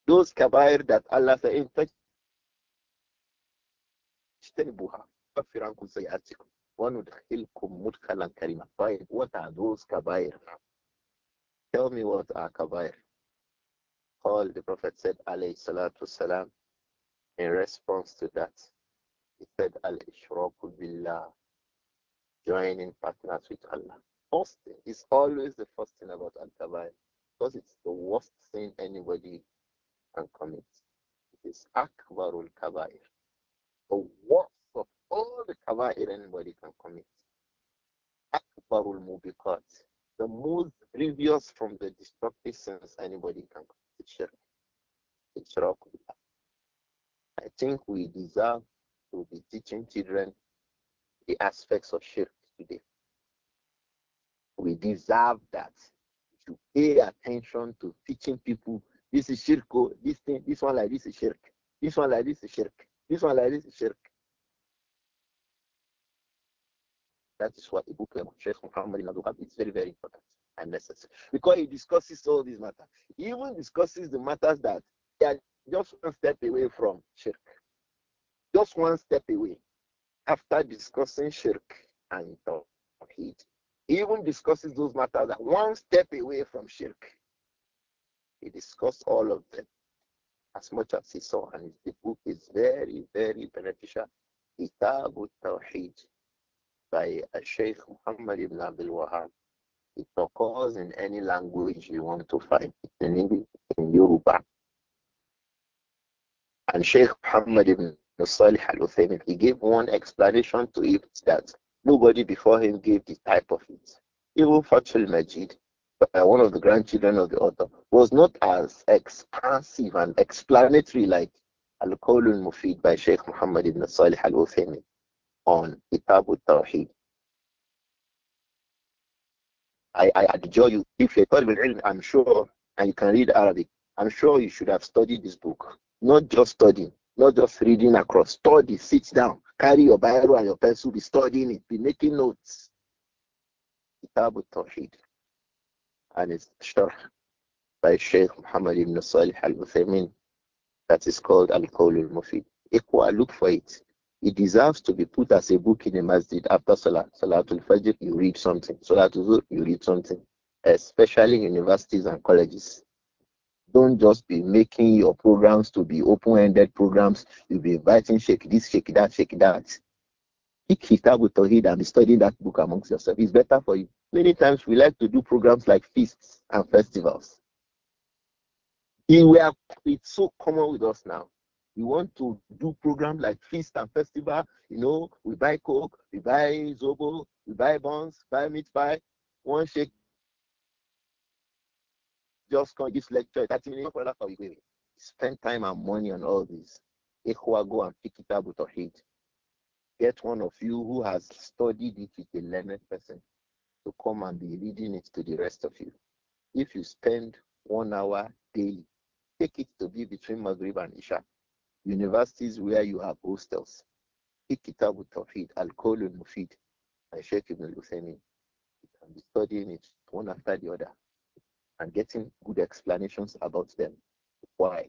Those kabair that Allah said, in fact, what are those kabair? Tell me what are kabair. All the Prophet said, alayhi salatu salam, in response to that, he said, al-ishraku billah, joining partners with Allah. First thing is always the first thing about al-kabair, because it's the worst thing anybody and commit. It is Akbarul Kabair. The worst of all the Kabair anybody can commit. Akbarul Mubiqat. The most grievous from the destructive sins anybody can commit. Shirk. I think we deserve to be teaching children the aspects of shirk today. We deserve that. To pay attention to teaching people this is shirk. this thing, this one like this is shirk. This one like this is shirk. This one like this is shirk. That is what the Abu Sheikh Muhammad It's very, very important and necessary because he discusses all these matters. He even discusses the matters that they are just one step away from shirk. Just one step away after discussing shirk and tawhid. He even discusses those matters that one step away from shirk. He discussed all of them as much as he saw, and the book is very, very beneficial. Kitab al-Tawheed by Sheikh Muhammad ibn Abdul Wahab. It occurs in any language you want to find in English, in Yoruba. And Sheikh Muhammad ibn Salih al Uthaymin, he gave one explanation to it that nobody before him gave the type of it. Even Fatul Majid, by one of the grandchildren of the author was not as expansive and explanatory like Al-Qawl al-Mufid by Sheikh Muhammad ibn Salih al-Uthaymeen on Kitab al-Tawheed. I, I adjure you, if you're talking I'm sure, and you can read Arabic, I'm sure you should have studied this book. Not just studying, not just reading across. Study, sit down, carry your Bible and your pencil, be studying it, be making notes. Kitab al-Tawheed and its sharh by Sheikh Muhammad ibn Salih al Uthaymeen that is called Al Qawl al Mufid. Iqwa, look for it. It deserves to be put as a book in a masjid after Salah. Salatul Fajr, you read something. Salatul Zuhr, you read something. Especially universities and colleges. Don't just be making your programs to be open ended programs. You'll be inviting Sheikh this, Sheikh that, Sheikh that. Pick Kitab Tawhid and be studying that book amongst yourself. It's better for you. Many times we like to do programs like feasts and festivals. it's so common with us now. We want to do programs like feast and festival. You know, we buy coke, we buy zobo, we buy buns, buy meat pie, one shake. Just come give lecture. That's for that for Spend time and money on all this. Go and pick it up with a hate. Get one of you who has studied it with a learned person to come and be reading it to the rest of you. If you spend one hour daily, take it to be between Maghrib and Isha. Universities where you have hostels. Kitab al-Tawhid, Al-Qawl al-Mufid, and Sheikh Ibn al-Uthaymeen. You can be studying it one after the other and getting good explanations about them. Why?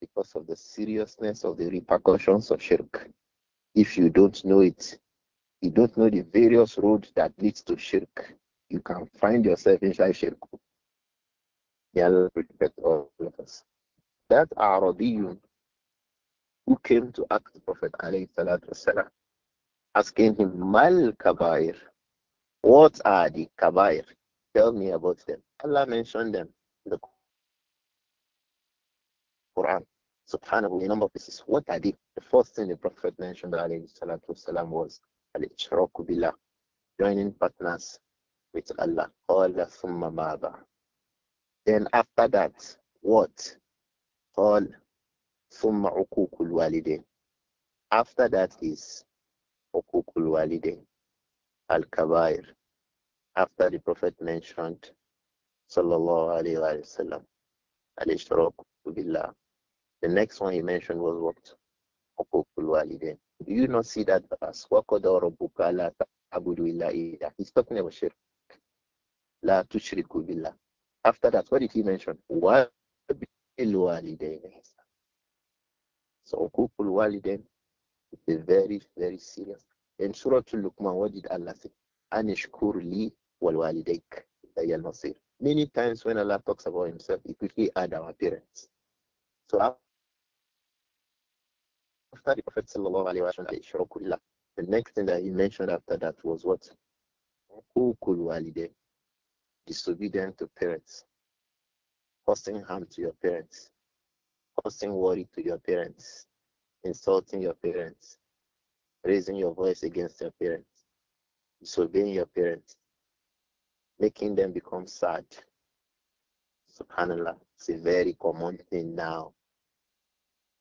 Because of the seriousness of the repercussions of shirk. If you don't know it, you don't know the various roads that leads to shirk, you can find yourself inside shirk. That are the all That who came to ask the Prophet asking him, Mal Kabair, what are the Kabair? Tell me about them. Allah mentioned them in the Quran. Subhanahu, a number of places. What are they? The first thing the Prophet mentioned والسلام, was al-ishraku billah, joining partners with Allah. Qala thumma mada. Then after that, what? Qal thumma uqukul walidain. After that is uqukul walidain, al-kabair. After the Prophet mentioned, sallallahu alaihi wasallam, sallam, al-ishraku billah. The next one he mentioned was what? Uqukul walidain. Do you not see that as verse? He's talking about shirk. La tushriku Kubila. After that, what did he mention? So, Ukukul Walidain is a very, very serious. In Surah Luqman, what did Allah say? Anishkur li wal walidaik. Many times when Allah talks about himself, he quickly add our parents. So after the Prophet sallallahu alaihi wasallam the next thing that he mentioned after that was what disobedient to parents causing harm to your parents causing worry to your parents insulting your parents raising your voice against your parents disobeying your parents making them become sad subhanallah it's a very common thing now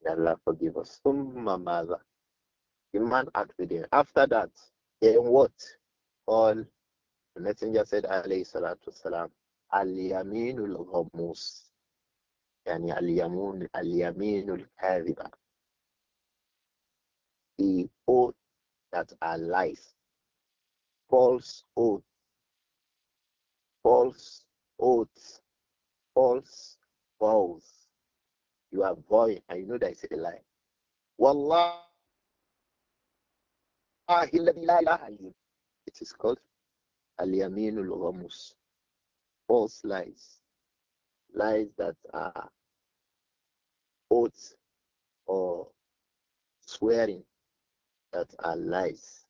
May Allah forgive us. mother, The man acted After that, then what? All the messenger said, alayhi salatu salam, al-yaminul ghamus. Yani al-yamun, al The oath that are lies. False oath. False oaths. False vows you are void and you know that it's a lie. Wallah. It is called al Ghamus. False lies. Lies that are oaths or swearing that are lies.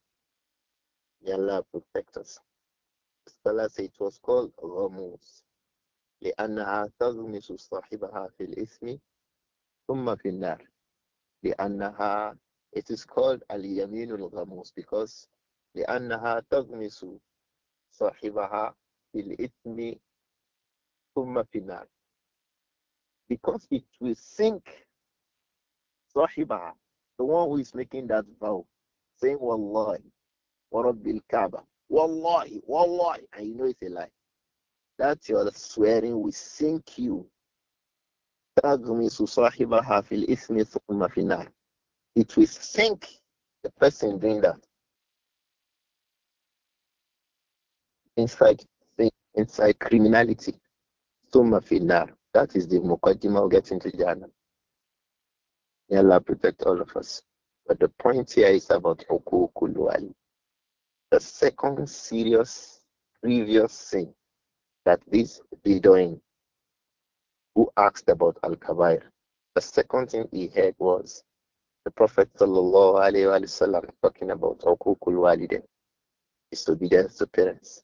May Allah protect us. Scholars say it was called Ghamus. لأنها تغمس صاحبها في الإثم ثم في النار لأنها it is called اليمين الغموس because لأنها تغمس صاحبها بالإثم ثم في النار because it will sink صاحبها the one who is making that vow saying wallahi ورب الكعبة wallahi wallahi and you know it's a lie that your swearing will sink you تغمس صاحبها في الإثم ثم في النار it will sink the person doing that inside inside criminality ثم في النار that is the mukaddimah will get into Jannah May Allah protect all of us but the point here is about hukukul wali the second serious previous sin that this be doing who asked about Al Kabair. The second thing he heard was the Prophet وسلم, talking about Okukul Waliden, disobedience to parents,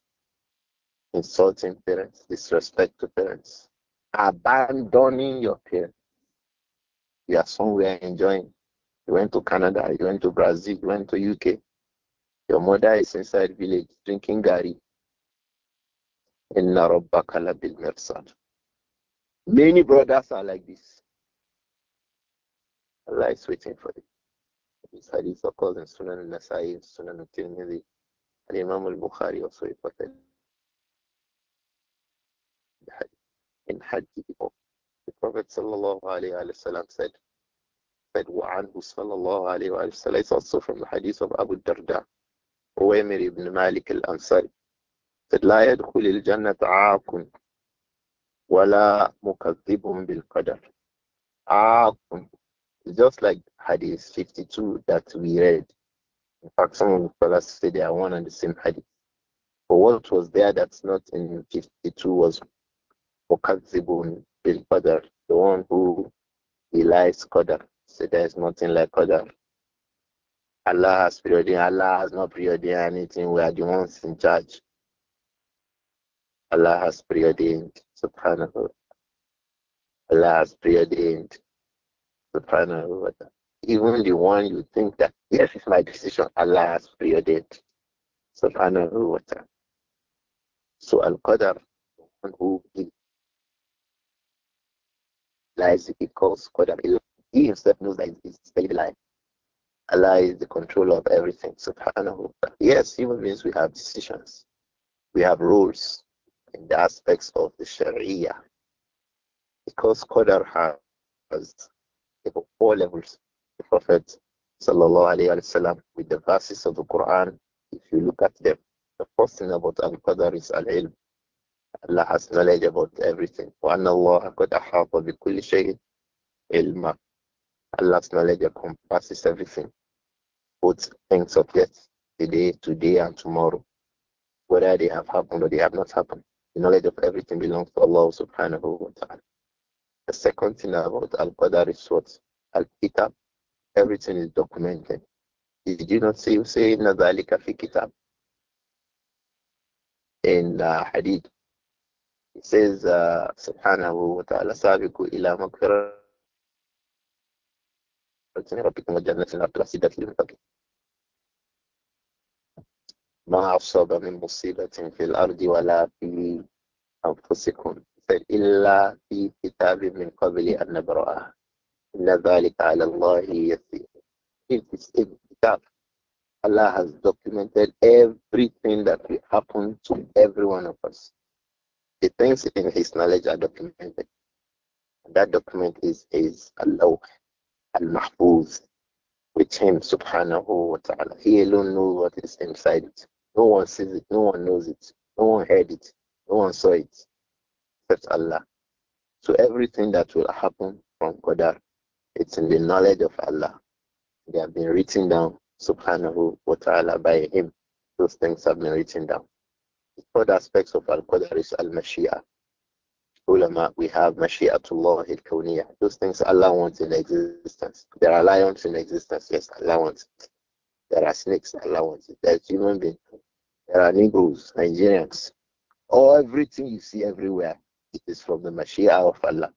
insulting parents, disrespect to parents, abandoning your parents. You are somewhere enjoying. You went to Canada, you went to Brazil, you went to UK. Your mother is inside village drinking gari. In rabbaka bil mirsad. Many brothers are like this. Allah is waiting for them. This hadith occurs in Sunan al-Nasai, Sunan al-Tirmidhi, al-Imam al-Bukhari also reported in hadith before. The Prophet sallallahu alayhi wa sallam said, said وعنه صلى It's also from the hadith of Abu Darda, Uwaymir ibn Malik al-Ansari. said, لا يدخل الجنة عاق wala mukazibun bil qadar. Aakun. Just like Hadith 52 that we read. In fact, some of the scholars say they are one and the same Hadith. But what was there that's not in 52 was mukadhibun bil qadar, the one who relies qadar. So there is nothing like qadar. Allah has preordained, Allah has not preordained anything. We are the ones in charge. Allah has preordained Subhanahu Allah's has period end. Subhanahu wa ta'ala. Even the one you think that, yes, it's my decision, Allah's has period end. Subhanahu wa ta'ala. So Al-Qadr, one who lies, he calls Qadr. He himself knows that it's daily life. Allah is the controller of everything. Subhanahu. Yes, human beings, we have decisions, we have rules, in the aspects of the Sharia. Because Qadar has four levels. The Prophet وسلم, with the verses of the Quran, if you look at them, the first thing about Al Qadar is Al Ilm. Allah has knowledge about everything. Allāh الله قد أحاط بكل شيء علما. Allah's knowledge encompasses everything, both things of yesterday, today, and tomorrow, whether they have happened or they have not happened. The knowledge of everything belongs to Allah subhanahu wa ta'ala. The second thing about Al Qadar is what? Al Kitab. Everything is documented. Did you not see you say in fi Kitab? In uh, Hadith, it says, uh, Subhanahu wa ta'ala, Sabiku ila makfirah. ربكم وجنة الأرض وسيدة للمتقين ما أصاب من مصيبة في الأرض ولا في أنفسكم إلا في كتاب من قبل أن نبرأها إن ذلك على الله يسير It is in kitab. Allah has documented everything that will happen to every one of us. The things in His knowledge are documented. that document is is Allah al-Mahfuz with Him, subhanahu wa ta'ala. He alone knows what is inside it. No one sees it, no one knows it, no one heard it, no one saw it except Allah. So everything that will happen from Qadar, it's in the knowledge of Allah. They have been written down, subhanahu wa ta'ala, by Him. Those things have been written down. The third of Al Qadar is Al Mashiach ulama, we have Mashi'atullah al kawniyah Those things Allah wants in existence. There are lions in existence. Yes, Allah wants There are snakes. Allah wants it. There's human beings. There are Negroes, Nigerians. All everything you see everywhere, it is from the Mashi'a of Allah.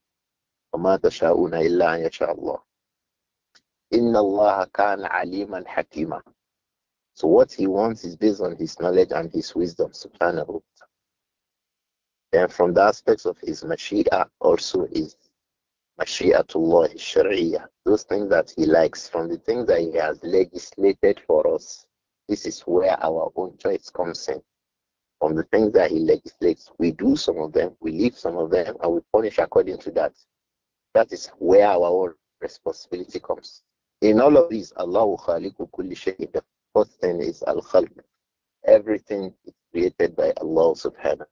So what he wants is based on his knowledge and his wisdom, subhanahu and from the aspects of his mashia also his to law, his sharia. Those things that he likes, from the things that he has legislated for us, this is where our own choice comes in. From the things that he legislates, we do some of them, we leave some of them, and we punish according to that. That is where our own responsibility comes. In all of these, Allahu khaliqu kulli shay'in. The first thing is al-khalq. Everything is created by Allah subhanahu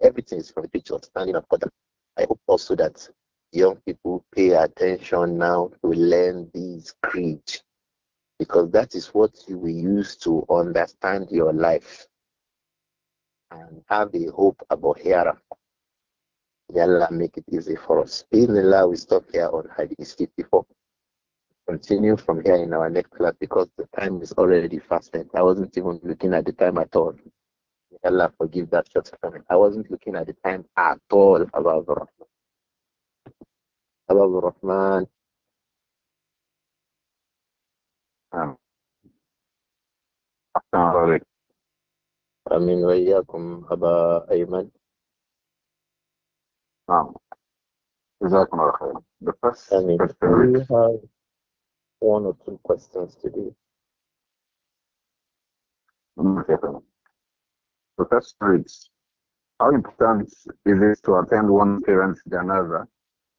Everything is from the picture standing up. I hope also that young people pay attention now to learn these creed because that is what you will use to understand your life and have a hope about here. Allah make it easy for us. In Allah, we stop here on Hadith 54. Continue from here in our next class because the time is already fast I wasn't even looking at the time at all. Allah forgive that shortcoming. I wasn't looking at the time at all about the Rahman. About the Rahman. Um, أمين وإياكم أبا أيمن نعم جزاكم الله the first I mean, we have one or two questions to do so How important is it to attend one parent's janaza,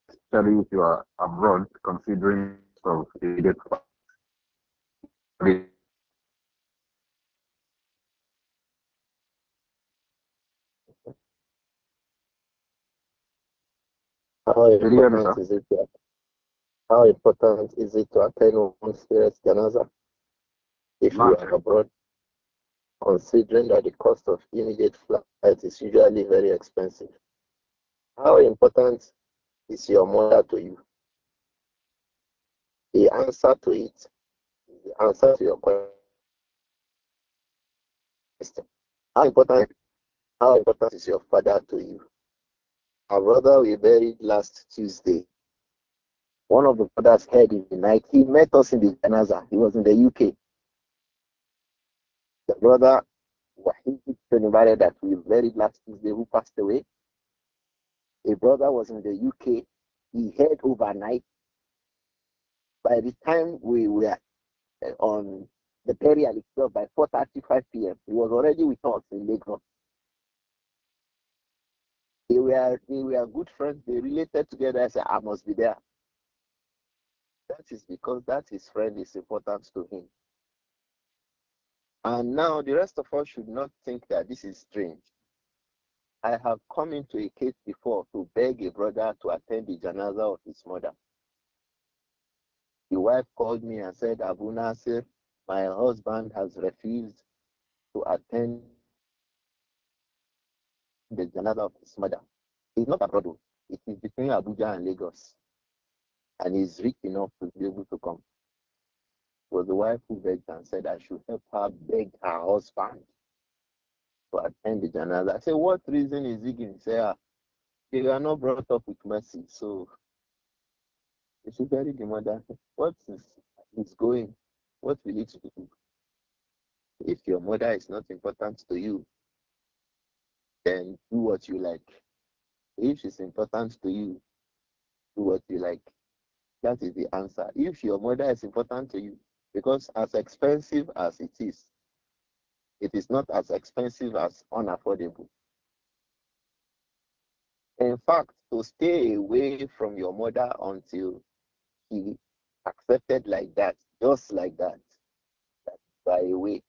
especially if you are abroad, considering of immediate How important, is it to, how important is it to attend one's parents' janaza if you are abroad? considering that the cost of immediate flight is usually very expensive. How important is your mother to you? The answer to it, the answer to your question. How important, how important is your father to you? Our brother we buried last Tuesday. One of the brothers' had in the night. He met us in the Janaza. He was in the UK. The brother Wahid Benubare that we buried last Tuesday who passed away. A brother was in the UK. He heard overnight. By the time we were uh, on the burial itself by 4.35 p.m., he was already with us in Lagos. They were, they were good friends. They related together. I said, I must be there. That is because that his friend is important to him. And now the rest of us should not think that this is strange. I have come into a case before to beg a brother to attend the janaza of his mother. The wife called me and said, Abu Nasir, my husband has refused to attend the janaza of his mother. It's not a brother. Oh. it is between Abuja and Lagos, and he's rich enough to be able to come was the wife who begged and said, I should help her beg her husband to attend the janaza. I said, What reason is he to Say, ah, they are not brought up with mercy, so they should bury the mother. What is, is going? What will it do? If your mother is not important to you, then do what you like. If she's important to you, do what you like. That is the answer. If your mother is important to you, because as expensive as it is, it is not as expensive as unaffordable. In fact, to stay away from your mother until he accepted like that, just like that, that by away.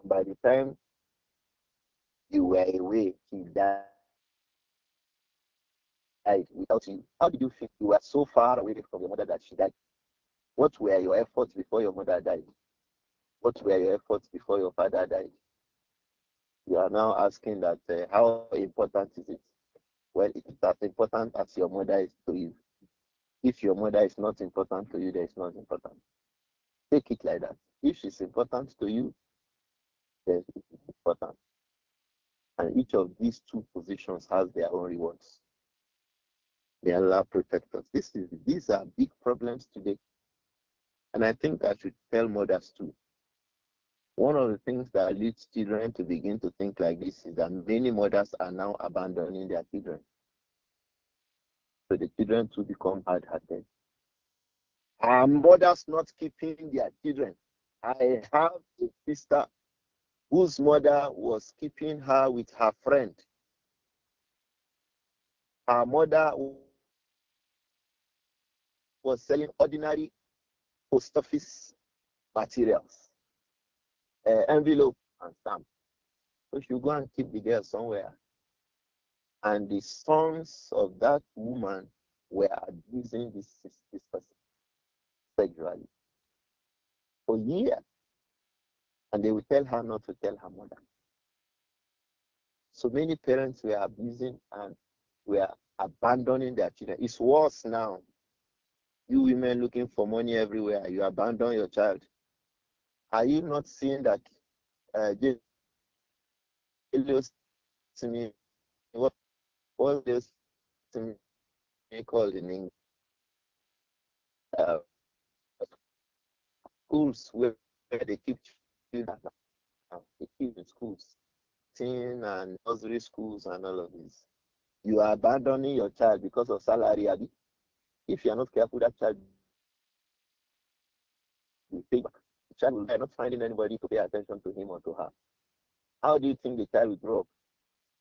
And by the time you were away, he died without you. How did you feel? You were so far away from your mother that she died. What were your efforts before your mother died? What were your efforts before your father died? You are now asking that uh, how important is it? Well, it is as important as your mother is to you. If your mother is not important to you, then it's not important. Take it like that. If she's important to you, then it is important. And each of these two positions has their own rewards. May Allah protect us. This is these are big problems today. And I think I should tell mothers too. One of the things that leads children to begin to think like this is that many mothers are now abandoning their children. So the children too become hard hearted. Are mothers not keeping their children? I have a sister whose mother was keeping her with her friend. Her mother was selling ordinary post office materials, uh, envelope and stamp. So she will go and keep the girl somewhere. And the sons of that woman were abusing this, this person sexually for years. And they will tell her not to tell her mother. So many parents were abusing and were abandoning their children. It's worse now you women looking for money everywhere, you abandon your child. Are you not seeing that uh, Elios to me what this to me called in English uh, schools where they keep children they keep in schools teen and nursery schools and all of this. You are abandoning your child because of salary, Abby. If you are not careful, that child will pay back. The child will not finding anybody to pay attention to him or to her. How do you think the child will grow up?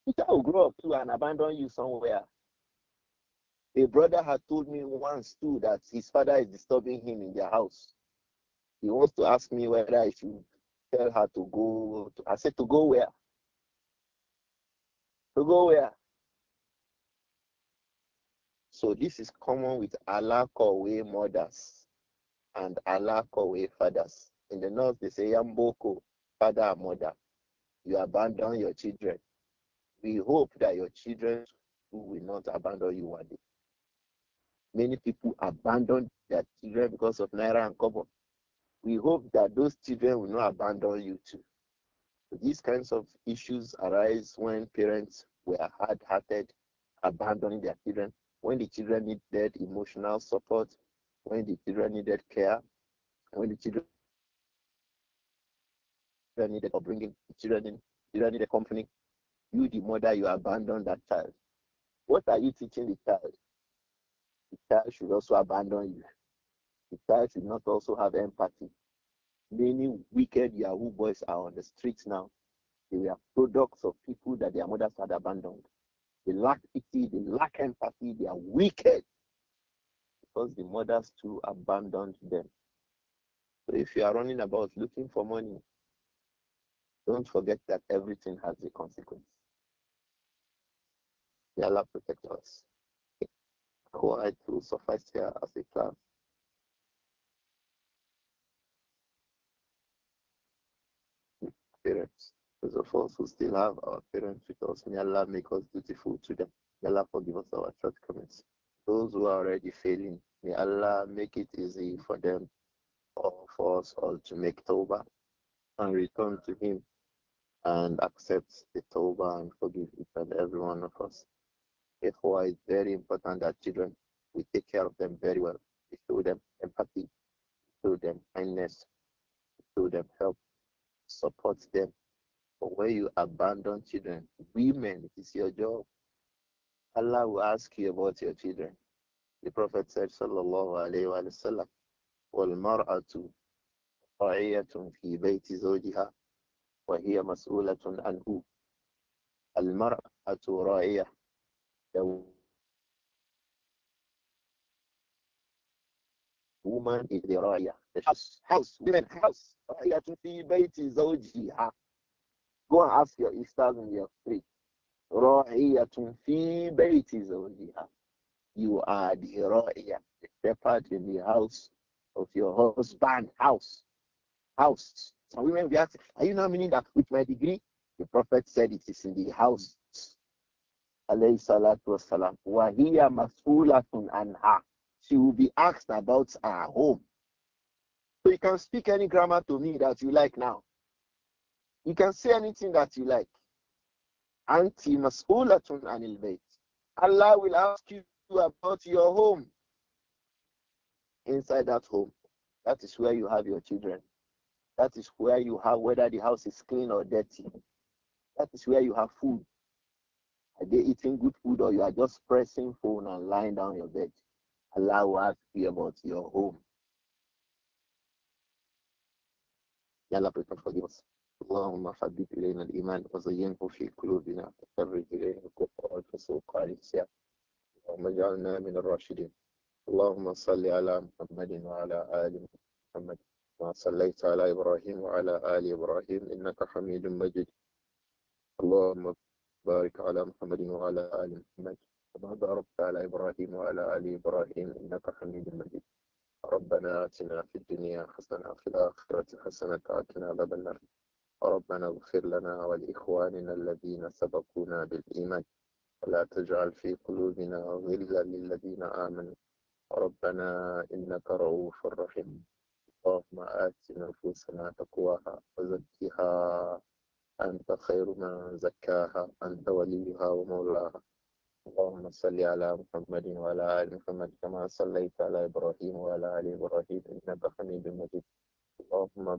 The child will grow up too and abandon you somewhere. A brother had told me once too that his father is disturbing him in their house. He wants to ask me whether I should tell her to go. To, I said to go where? To go where? So this is common with Alakowe mothers and Alakowe fathers. In the north, they say Yamboko, father and mother. You abandon your children. We hope that your children will not abandon you one day. Many people abandon their children because of Naira and Kobo. We hope that those children will not abandon you too. So these kinds of issues arise when parents were hard hearted, abandoning their children, when the children needed emotional support, when the children needed care, when the children needed or bringing children in, children needed company, you, the mother, you abandon that child. What are you teaching the child? The child should also abandon you. The child should not also have empathy. Many wicked Yahoo boys are on the streets now. They were products of people that their mothers had abandoned. They lack pity, they lack empathy, they are wicked because the mothers too abandoned them. So if you are running about looking for money, don't forget that everything has a consequence. are Allah protect us. I to suffice here as a class. Parents. Those of us who still have our parents with us, may Allah make us dutiful to them. May Allah forgive us our shortcomings. Those who are already failing, may Allah make it easy for them or for us all to make tawbah and return to Him and accept the tawbah and forgive each and every one of us. Therefore, it's very important that children, we take care of them very well. We show them empathy, show them kindness, show them help, support them, where you abandon children. Women, it is your job. Allah will ask you about your children. The Prophet said, Sallallahu Alaihi Wasallam, وَالْمَرْأَةُ رَعِيَةٌ فِي بَيْتِ زَوْجِهَا وَهِيَ مَسْؤُولَةٌ عَنْهُ الْمَرْأَةُ رَعِيَةٌ The woman is the raya. The house, house, women, house. رَعِيَةٌ فِي بَيْتِ زَوْجِهَا Go and ask your Easter when you're free. Ra'iyatun fi baiti zawjiha. You are the Ra'iyah, the shepherd in the house of your husband, house. House. Some women be asking, are you not meaning that with my degree? The Prophet said it is in the house. Alayhi salatu wasalam. Wahiya mas'ulatun anha. She will be asked about her home. So you can speak any grammar to me that you like now. You can say anything that you like. Anti mas'ulatun anil bayt. Allah will ask you about your home. Inside that home, that is where you have your children. That is where you have whether the house is clean or dirty. That is where you have food. Are they eating good food or you are just pressing phone and lying down your bed? Allah will ask you about your home. يا رب تفضل اللهم حبب إلينا الإيمان وزينه في قلوبنا وفرج إلينا الكفر والفسوق والعصيان اللهم اجعلنا من الراشدين اللهم صل على محمد وعلى آل محمد كما صليت على إبراهيم وعلى آل إبراهيم إنك حميد مجيد اللهم بارك على محمد وعلى آل محمد كما باركت على إبراهيم وعلى آل إبراهيم إنك حميد مجيد ربنا آتنا في الدنيا حسنة وفي الآخرة حسنة وقنا عذاب النار ربنا اغفر لنا ولإخواننا الذين سبقونا بالإيمان ولا تجعل في قلوبنا غلا للذين آمنوا ربنا إنك رؤوف رحيم اللهم آت نفوسنا تقواها وزكها أنت خير من زكاها أنت وليها ومولاها اللهم صل على محمد وعلى آل محمد كما صليت على إبراهيم وعلى آل إبراهيم إنك حميد مجيد اللهم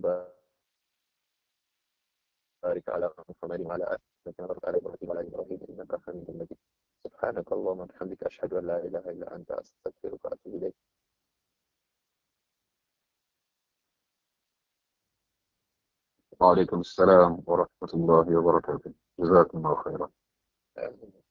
بارك على محمد وعلى آل محمد على إبراهيم وعلى آل إبراهيم إنك حميد مجيد سبحانك اللهم وبحمدك أشهد أن لا إله إلا أنت أستغفرك وأتوب إليك وعليكم السلام ورحمة الله وبركاته جزاكم الله خيرا